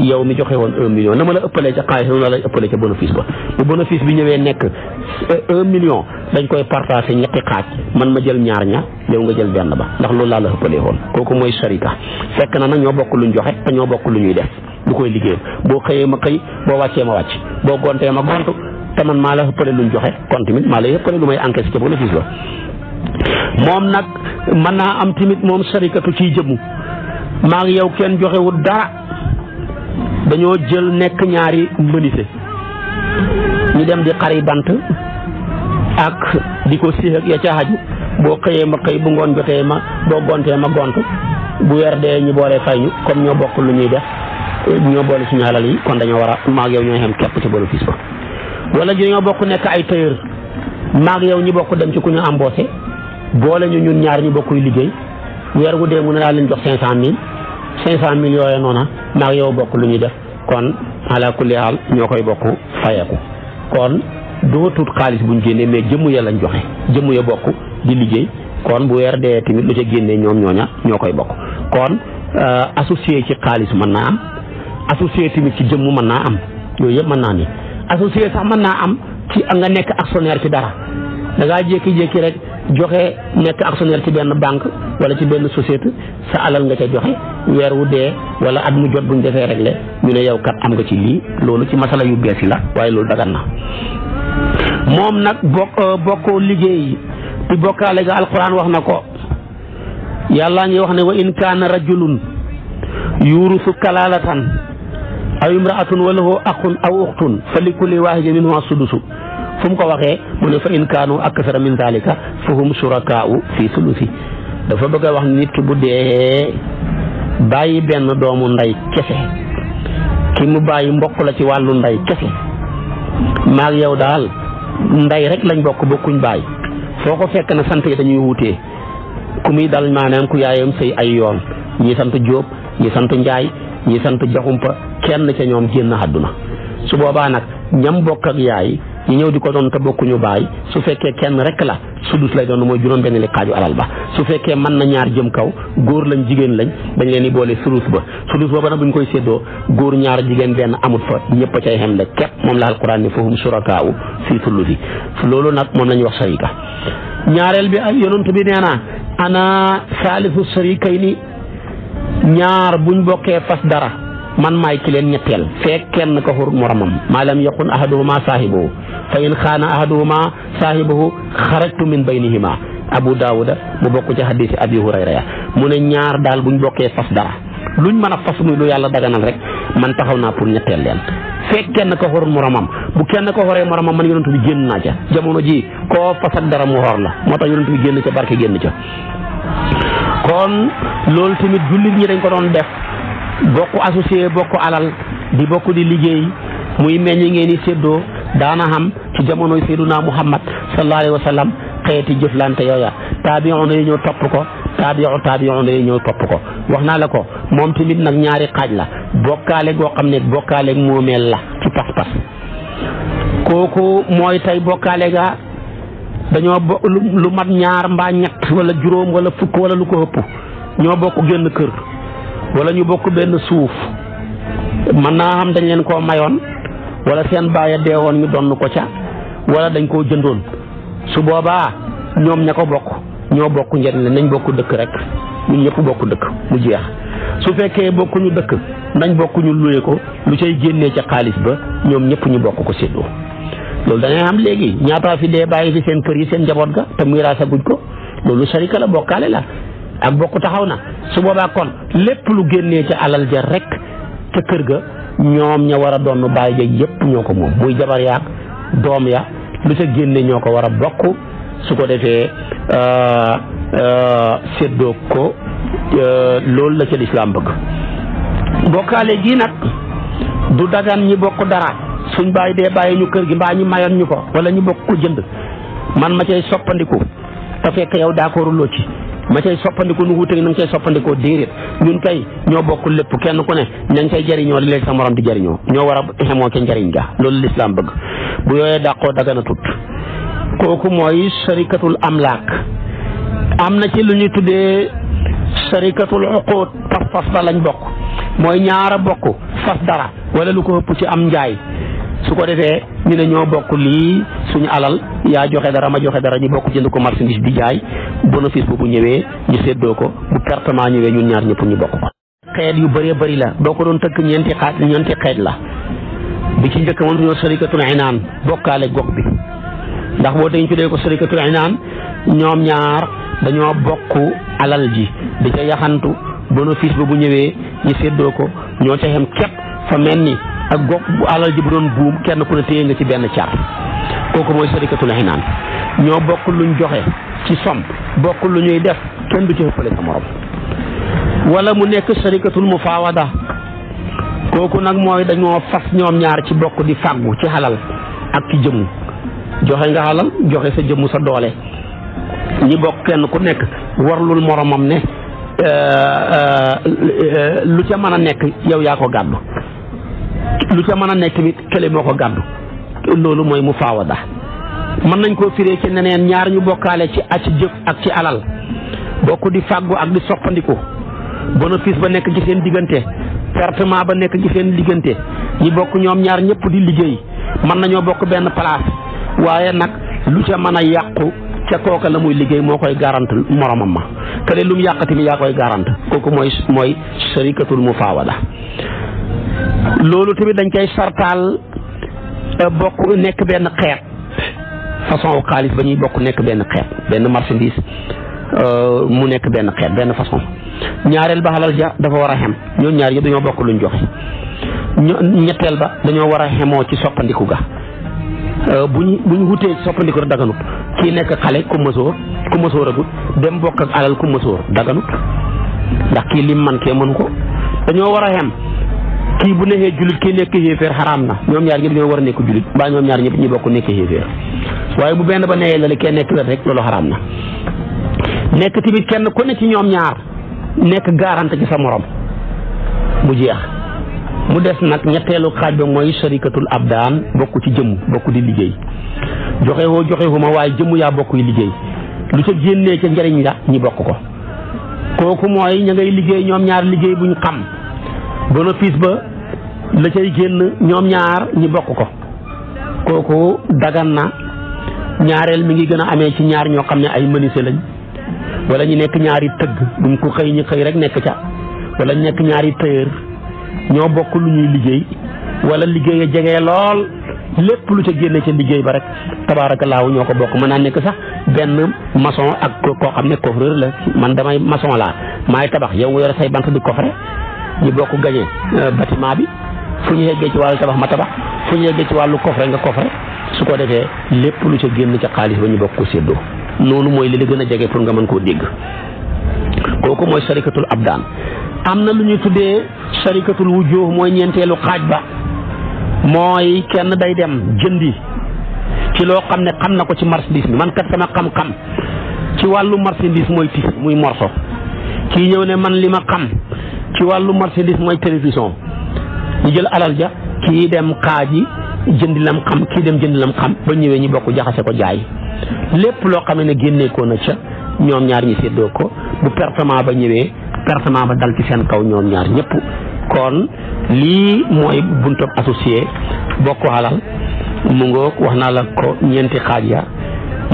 yow mi joxe un million na ma la ëppalee ca xaalis noonu la lay ëppale ca bénéfice ba bu bénéfice bi ñëwee nekk un million dañ koy partagé ñetti xaaj man ma jël ñaar ña yow nga jël benn ba ndax loolu laa la ëppalee woon kooku mooy sharika fekk na nag ñoo bokk luñ joxe te ñoo bokk lu de def koy liggéey boo xëyee ma xëy boo wàccee ma wàcc boo gontee ma gont te man maa la ëppale luñ joxe kon tamit maa lay ëppale lu may encaissé ca bénéfice ba moom nag mën naa am tamit moom sarikatu ciy maa ngi yow kenn joxewul dara dañoo jël nekk ñaari mbënise ñu dem di xari bant ak di ko séex ak ya ca xaju boo xëyee ma xëy bu ngoon jotee ma boo gontee ma gont bu weer dee ñu boolee fay ñu comme ñoo bokk lu ñuy def ñoo boole suñu alal yi kon dañoo war a maag yow ñooy xam képp ci bénéfice ba wala ñu dañoo bokk nekk ay tailleur maag yow ñi bokk dem ci ku ñu am embauché boole ñu ñun ñaar ñu bokkuy liggéey weer wu dee mu ne naa leen jox cinq cent mille cinq cent mille yooya noona maag yow bokk lu ñuy def kon ala kulli haal ñoo koy bokk fayeeku kon dootul xaalis buñ génnee mais jëmm ya lañ joxe jëmm ya bokk di liggéey kon bu weer dee tamit lu ca génnee ñoom ñooña ñoo koy bokk kon euh, associé ci xaalis mën naa am associé tamit ci jëmm mën naa am yooyu yëpp mën naa ni associé sax mën naa am ci nga nekk actionnaire ci dara da ngaa jékki-jékki rek joxe nekk actionnaire ci benn banque walla ci benn société sa alal nga ca joxe weer wu dee wala at mu jot bu buñ defee le ñu ne yow kat am nga ci lii loolu ci masala yu bees yi la waaye loolu dagan na moom nag bokk euh, bokkoo liggéey di bokkaale ga alquran wax na ko yàllaa ngi wax ne wa in kaana rajulun yurusu kalaalatan aw imraatun wa lahu axun aw uxtun fa li kulli waahidin minhumaa sudusu fu mu ko waxee mu ne fa in kaanu aksara min zalika fa hum sulusi dafa bëgg wax nit ki bu dee bàyyi benn doomu ndey kese ki mu bàyyi mbokk la ci wàllu ndey kese maag yow daal ndey rek lañ bokk bokkuñ bàyyi foo ko fekk na sant yi dañuy wutee ku muy dal maanaam ku yaayam sëy ay yoon ñi sant Jóob ñi sant Njaay ñi sant Jaxumpa kenn ca ñoom génn àdduna su boobaa nag ñam bokk ak yaay ñu ñëw di ko doon te bokkuñu baay su fekkee kenn rek la su sudus lay doon mooy juróom benn li xaaju alal ba su fekkee mën na ñaar jëm kaw góor lañ jigéen lañ dañ leen di boole sudus ba sudus booba nag bu ñu koy séddoo góor ñaar jigéen benn amut fa ñëpp a cay xem le képp moom la alquran ni fahum shuraka'u fii sulusi loolu nag moom la ñuy wax sarika ñaareel bi ak yonent bi nee naa ana saalisu sarikayni ñaar buñ bokkee fas dara man maay ki leen ñetteel feek kenn ka xur moromam maa lam yaqun ahaduhuma saahibahu fa in xaana ahaduhuma saahibahu xarajtu min baynihima abu daawuda mu bokk ci hadisi abi hurayra ya mu ne ñaar daal buñ bokkee fas dara luñ mën a fas muy lu yàlla daganal rek man taxaw naa pour ñetteel leen fekk kenn ko xorul moromam bu kenn ko xoree moromam man yonent bi génn naa ca jamono ji koo fas ak dara mu la moo tax yonent bi génn ca barke génn ca kon loolu tamit jullit ñi dañ ko doon def bokk associé bokk alal di bokk di liggéey muy meññ ngeen i séddoo daana xam ci jamonoy sayyiduna muhammad sallallahu alayhi wa sallam xeeti jëflante yooya taabiyoon dañu ñëw topp ko taabiyoon taabiyoon dañu ñëw topp ko wax naa la ko moom tamit nag ñaari xaaj la bokkaale goo xam ne bokkaale moomeel la ci pas-pas kooku mooy tey bokkaale ga dañoo bo lu mat ñaar mbaa ñett wala juróom wala fukk wala lu ko ëpp ñoo bokk génn kër wala ñu bokk benn suuf mën naa xam dañ leen koo mayoon wala seen baay a deewoon ñu donn ko ca wala dañ koo jëndoon su boobaa ñoom ña ko bokk ñoo bokk njëriñ nañ bokk dëkk rek ñu ñëpp bokk dëkk mu jeex su fekkee bokkuñu dëkk nañ bokkuñu luye ko lu cay génnee ca xaalis ba ñoom ñëpp ñu bokk ko séddoo loolu dangay xam léegi ñaataa fi dee bàyyi fi seen kër yi seen njaboot ga te muy raasaguñ ko loolu sarika la bokkaale la ak bokk taxaw na su boobaa kon lépp lu génnee ca alal ja rek ca kër ga ñoom ña war a doon bàyyi ja yépp ñoo ko moom buy jabar yaag doom ya lu ca génne ñoo ko war a bokk su ko defee euh, euh, séddoo ko euh, loolu la ci lislaam bëgg bokkaale gi nag du dagan ñi bokk dara suñ bàyyi dee bàyyi ñu kër gi mbaa ñu mayoon ñu ko wala ñu bokk ko jënd man ma cay soppandiku te fekk yow d'accorduloo ci ma cay soppandiku nu wuute na nga cay soppandikoo déedéet ñun kay ñoo bokkul lépp kenn ku ne ña ngi jariñoo jëriñoo léegi sa morom di jariñoo ñoo war a xemoo ca njëriñ ga loolu lislaam bëgg bu yooyee dàqoo dagana tut kooku mooy sarikatul amlaak am na ci lu ñuy tuddee sarikatul uquud pas-pas ba lañ bokk mooy ñaara bokk fas dara wala lu ko ëpp ci am njaay su ko defee ñu ne ñoo bokk lii suñu alal yaa joxe dara ma joxe dara ñu bokk jënd ko marchandise di jaay bénéfice boobu ñëwee ñu séddoo ko bu pertement ñëwee ñun ñaar ñëpp ñu bokk ko. xeet yu bëree bëri la boo ko doon tëkk ñeenti xaaj ñeenti xeet la bi ci njëkk moom dañoo sarikatul inaan bokkaale gox bi ndax boo dañ tuddee ko sarikatul inaan ñoom ñaar dañoo bokk alal ji di ca yaxantu bénéfice boobu ñëwee ñu séddoo ko ñoo ca xem képp fa mel ni ak gox bu alal ji bu doon buum kenn ku ne nga ci benn car kooku mooy sarikatul xinaan ñoo bokk luñ joxe ci som bokk lu ñuy def kenn du wala mu nekk sarikatul mufaawada kooku nag mooy dañoo fas ñoom ñaar ci bokk di fàggu ci xalal ak ci jëmm nga xalal joxe sa jëmm sa doole ñi bokk kenn ku nekk warlul moromam ne euh, euh, euh, lu ca mën a nekk yow yaa ko gàddu lu ca mën a nekk tamit kële moo ko gàddu loolu mooy mu faawada mën nañ koo firee ci neneen ñaar ñu bokkaale ci ak ci jëf ak ci alal bokk di fàggu ak di soppandiku bénéfice ba nekk ci seen diggante pertement ba nekk ci seen diggante ñi bokk ñoom ñaar ñëpp di liggéey mën nañoo bokk benn place waaye nag lu ca mën a yàqu ca kooka la muy liggéey moo koy garant moromam ma kële lum yàqati mi yaa koy garant kooku mooy mooy sharikatul mufaawada loolu tamit dañ koy sartaal eh, bokk nekk benn xeet façon xaalis ba ñuy bokk nekk benn xeet benn marchandise eh, mu nekk benn xeet benn façon ñaareel ba xalal ja dafa war a xem ñoo ñaar yëpp dañoo bokk luñ joxe ñetteel ba dañoo war a xemoo ci soppandiku ga bu ñu bu ñu wutee soppandiku rek daganut kii nekk xale ku mësoor ku mësoor agut dem bokk ak alal ku mësoor daganut ndax kii lim man kee mënu ko dañoo war a xem kii bu nekkee jullit kii nekk xéeféer xaraam na ñoom ñaar ñëpp ñoo war a nekk jullit mbaa ñoom ñaar ñëpp ñu waaye mu benn ba neexee la kenn nekk wet rek loolu xaraam na nekk tamit kenn ku ne ci ñoom ñaar nekk garante ci sa morom mu jeex mu des nag ñetteelu xaaj ba mooy ab abdaan bokk ci jëmm bokk di liggéey joxe woo joxe wu ma waaye jëmm yaa bokk yi liggéey lu ca génnee ca njëriñ la ñi bokk ko kooku mooy ña ngay liggéey ñoom ñaar liggéey buñ xam bénéfice ba la cay génn ñoom ñaar ñi bokk ko kooku dagan na ñaareel mi ngi gën a amee ci ñaar ñoo xam ne ay menuisier lañ wala ñu nekk ñaari tëgg duñ ko xëy ñu xëy rek nekk ca wala ñu nekk ñaari tailleur ñoo bokk lu ñuy liggéey wala liggéey a jege lool lépp lu ca génne ca liggéey ba rek tabaarakallaahu ñoo ko bokk man naa nekk sax benn maçon ak koo xam ne coffreur la man damay maçon laa maay tabax yow nga yore say bant di coffre ñu bokk gañee euh, bâtiment bi fu ñu yeggee ci wàllu tabax ma tabax fu ñu yeggee ci wàllu coffre nga coffre su ko defee lépp lu ca génn ca xaalis ba ñu bokk ko séddoo noonu mooy li la gën a jege pour nga mën koo dégg kooku mooy sarikatul abdaan am na lu ñu tuddee sarikatul wujjoo mooy ñeenteelu xaaj ba mooy kenn day dem jëndi ci loo xam ne xam na ko ci marchandise bi man kat sama xam-xam ci wàllu marchandise mooy tis muy morso kii ñëw ne man li ma xam ci wàllu marchandise mooy télévision ñu jël alal ja kii dem xaaji jëndi lam xam kii dem jëndi lam xam ba ñëwee ñu bokk jaxase ko jaay lépp loo xamee ne génneekoo na ca ñoom ñaar ñi séddoo ko bu pertement ba ñëwee pertement ba dal ci seen kaw ñoom ñaar ñëpp kon lii mooy buntob associé bokk alal mu ngoog wax naa la ko ñeenti xaaj ya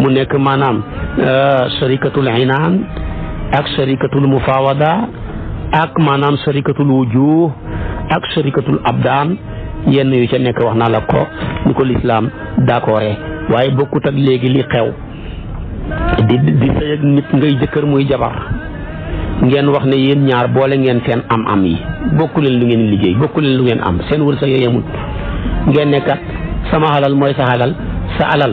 mu nekk maanaam euh, sharikatul inaan ak sharikatul mufawada ak maanaam sarikatul wujuh ak sarikatul abdaan yenn yu ca nekk wax naa la ko ni ko lislaam d'accordé waaye bokkut ak léegi li xew di di sëy ak nit ngay jëkkër muy jabar ngeen wax ne yéen ñaar boole ngeen seen am am yi bokku leen lu ngeen liggéey bokku leen lu ngeen am seen wërsëg yemul ngeen nekkat sama xalal mooy sa xalal sa alal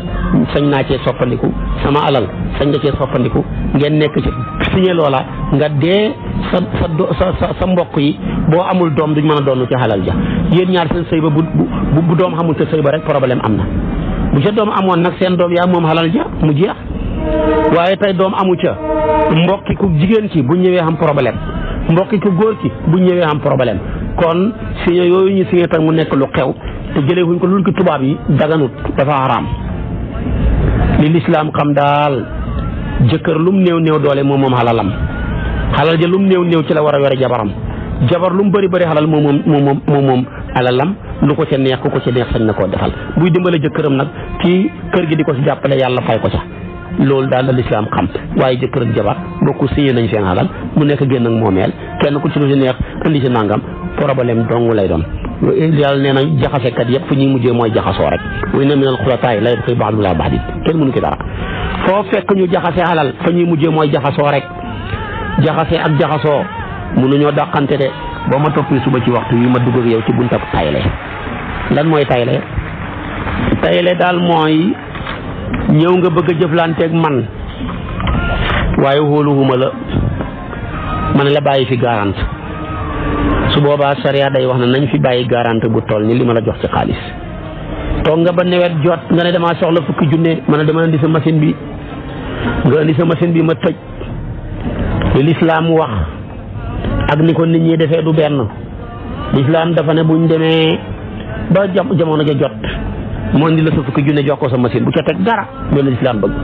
sañ naa cee soppandiku sama alal sañ na cee soppandiku ngeen nekk ci signé loola nga dee sa sa sa yi boo amul doom duñ mën a doon ci alal ja yéen ñaar seen sëy ba bu bu doom xamul te sëy ba rek problème am na bu ca doom amoon nag seen doom yaa moom alal ja mu jeex waaye tey doom amu ca mbokki ku jigéen ci bu ñëwee am problème mbokki ku góor ci bu ñëwee am problème kon signé yooyu ñu signé tam mu nekk lu xew te jëlee wuñ ko lu ci tubaab yi daganut dafa xaraam li lislaam xam daal jëkkër lu mu néew néew doole moom moom xalalam xalal ja lum néew néew ci la war a yore jabaram jabar lum bëri bari xalal moom moom moom moom moom alalam lu ko ca neex ku ko ca neex sañ na koo defal buy dimbale jëkkëram nag ci kër gi di ko si jàppale yàlla fay ko ca loolu daal la lislaam xam waaye jëkkër ak jabar bokku sëyee nañ seen xalal mu nekk génn ak moomeel kenn ku ci neex indi si nàngam problème dong lay doon yàlla nee na jaxasekat yëpp fu ñuy mujjee mooy jaxasoo rek way na minal xulataay la yabxi ba'duhum alaa ba'din kenn mënu ci dara foo fekk ñu jaxase alal fa ñuy mujjee mooy jaxasoo rek jaxase ak jaxasoo mënuñoo dàqante de boo ma toppee suba ci waxtu wi ma dugg ak yow ci buntab tayle lan mooy tayle tayle daal mooy ñëw nga bëgg a jëflanteeg man waaye wóoluwuma la ma ne la bàyyi fi garante su boobaa sariya day wax na nañ fi bàyyi garantie bu toll ni li ma la jox ci xaalis toog nga ba nawet jot nga ne damaa soxla fukki junne ma ne dama indi sa machine bi nga indi sa machine bi ma tëj li lislaam wax ak ni ko nit ñi defee du benn lislaam dafa ne buñ demee jamono ja jot moo indi la sa fukki junne jox ko sa machine bu ca teg dara loolu lislaam bëgg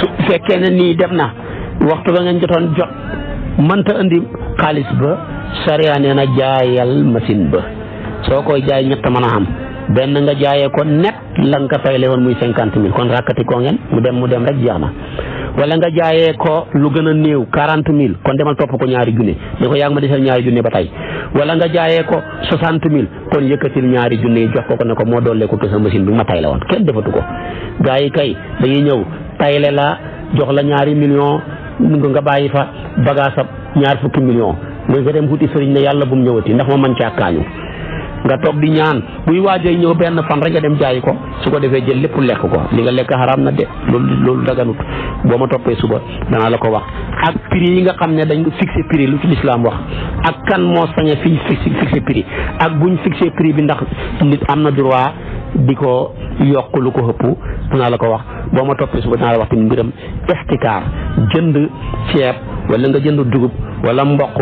su fekkee ne nii dem na waxtu ba ngeen jotoon jot mënta indi xaalis ba sariya nee na jaayal machine ba soo koy jaay ñett mën a am benn nga jaayee ko net la nga ko fayle woon muy cinquante mille kon rakkati ko ngeen mu dem mu dem rek jeex na wala nga jaayee ko lu gën a néew quarante mille kon demal topp ko ñaari junne ni ko yaa ngi ma desal ñaari junne ba tey wala nga jaayee ko soixante mille kon yëkkatil ñaari junne yi jox ko ko ne ko moo dollee ko sa machine bi ma tayle woon kenn defatu ko gars yi kay dañuy ñëw tayle la jox la ñaari million nga bàyyi fa bagage ñaar fukki million nga dem wuti sëriñ ne yàlla bu mu ñëwati ndax ma man caa kaañu nga toog di ñaan buy waajee ñëw benn fan rek nga dem jaayi ko su ko defee jël lépp lekk ko li nga lekk xaraam na de loolu loolu daganut boo ma toppee suba danaa la ko wax ak prix yi nga xam ne dañ fixé prix lu ci lislaam wax ak kan moo sañe fi fixé prix ak bu buñ fixé prix bi ndax nit am na droit di ko yokk lu ko xëpp dinaa la ko wax boo ma toppee suba dinaa la wax tamit mbiram istikaar jënd ceeb wala nga jënd dugub wala mboq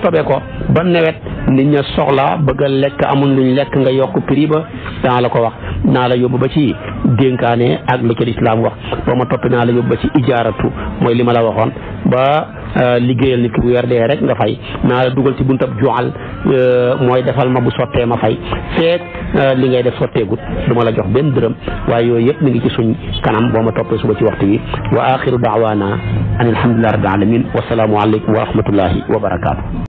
stocké ko ba nawet li ñu soxlaa bëgg a lekk amul ñu lekk nga yokk prix ba danaa la ko wax naa la yóbbu ba ci dénkaane ak lu ci lislaam wax boo ma toppi naa la yóbbu ba ci ijaaratu mooy li ma la waxoon ba euh, liggéeyal nit ki bu weer rek nga fay naa la dugal ci buntab joxal euh, mooy defal ma bu sottee ma fay feek euh, li ngay def sotteegut du la jox benn dërëm waaye yooyu yëpp mi ngi ci suñ kanam boo ma toppee suba ci waxtu wi wa axiru daawaana an alhamdulillahi rabbil alamin wa salaamu aleykum wa rahmatullahi wa barakaatu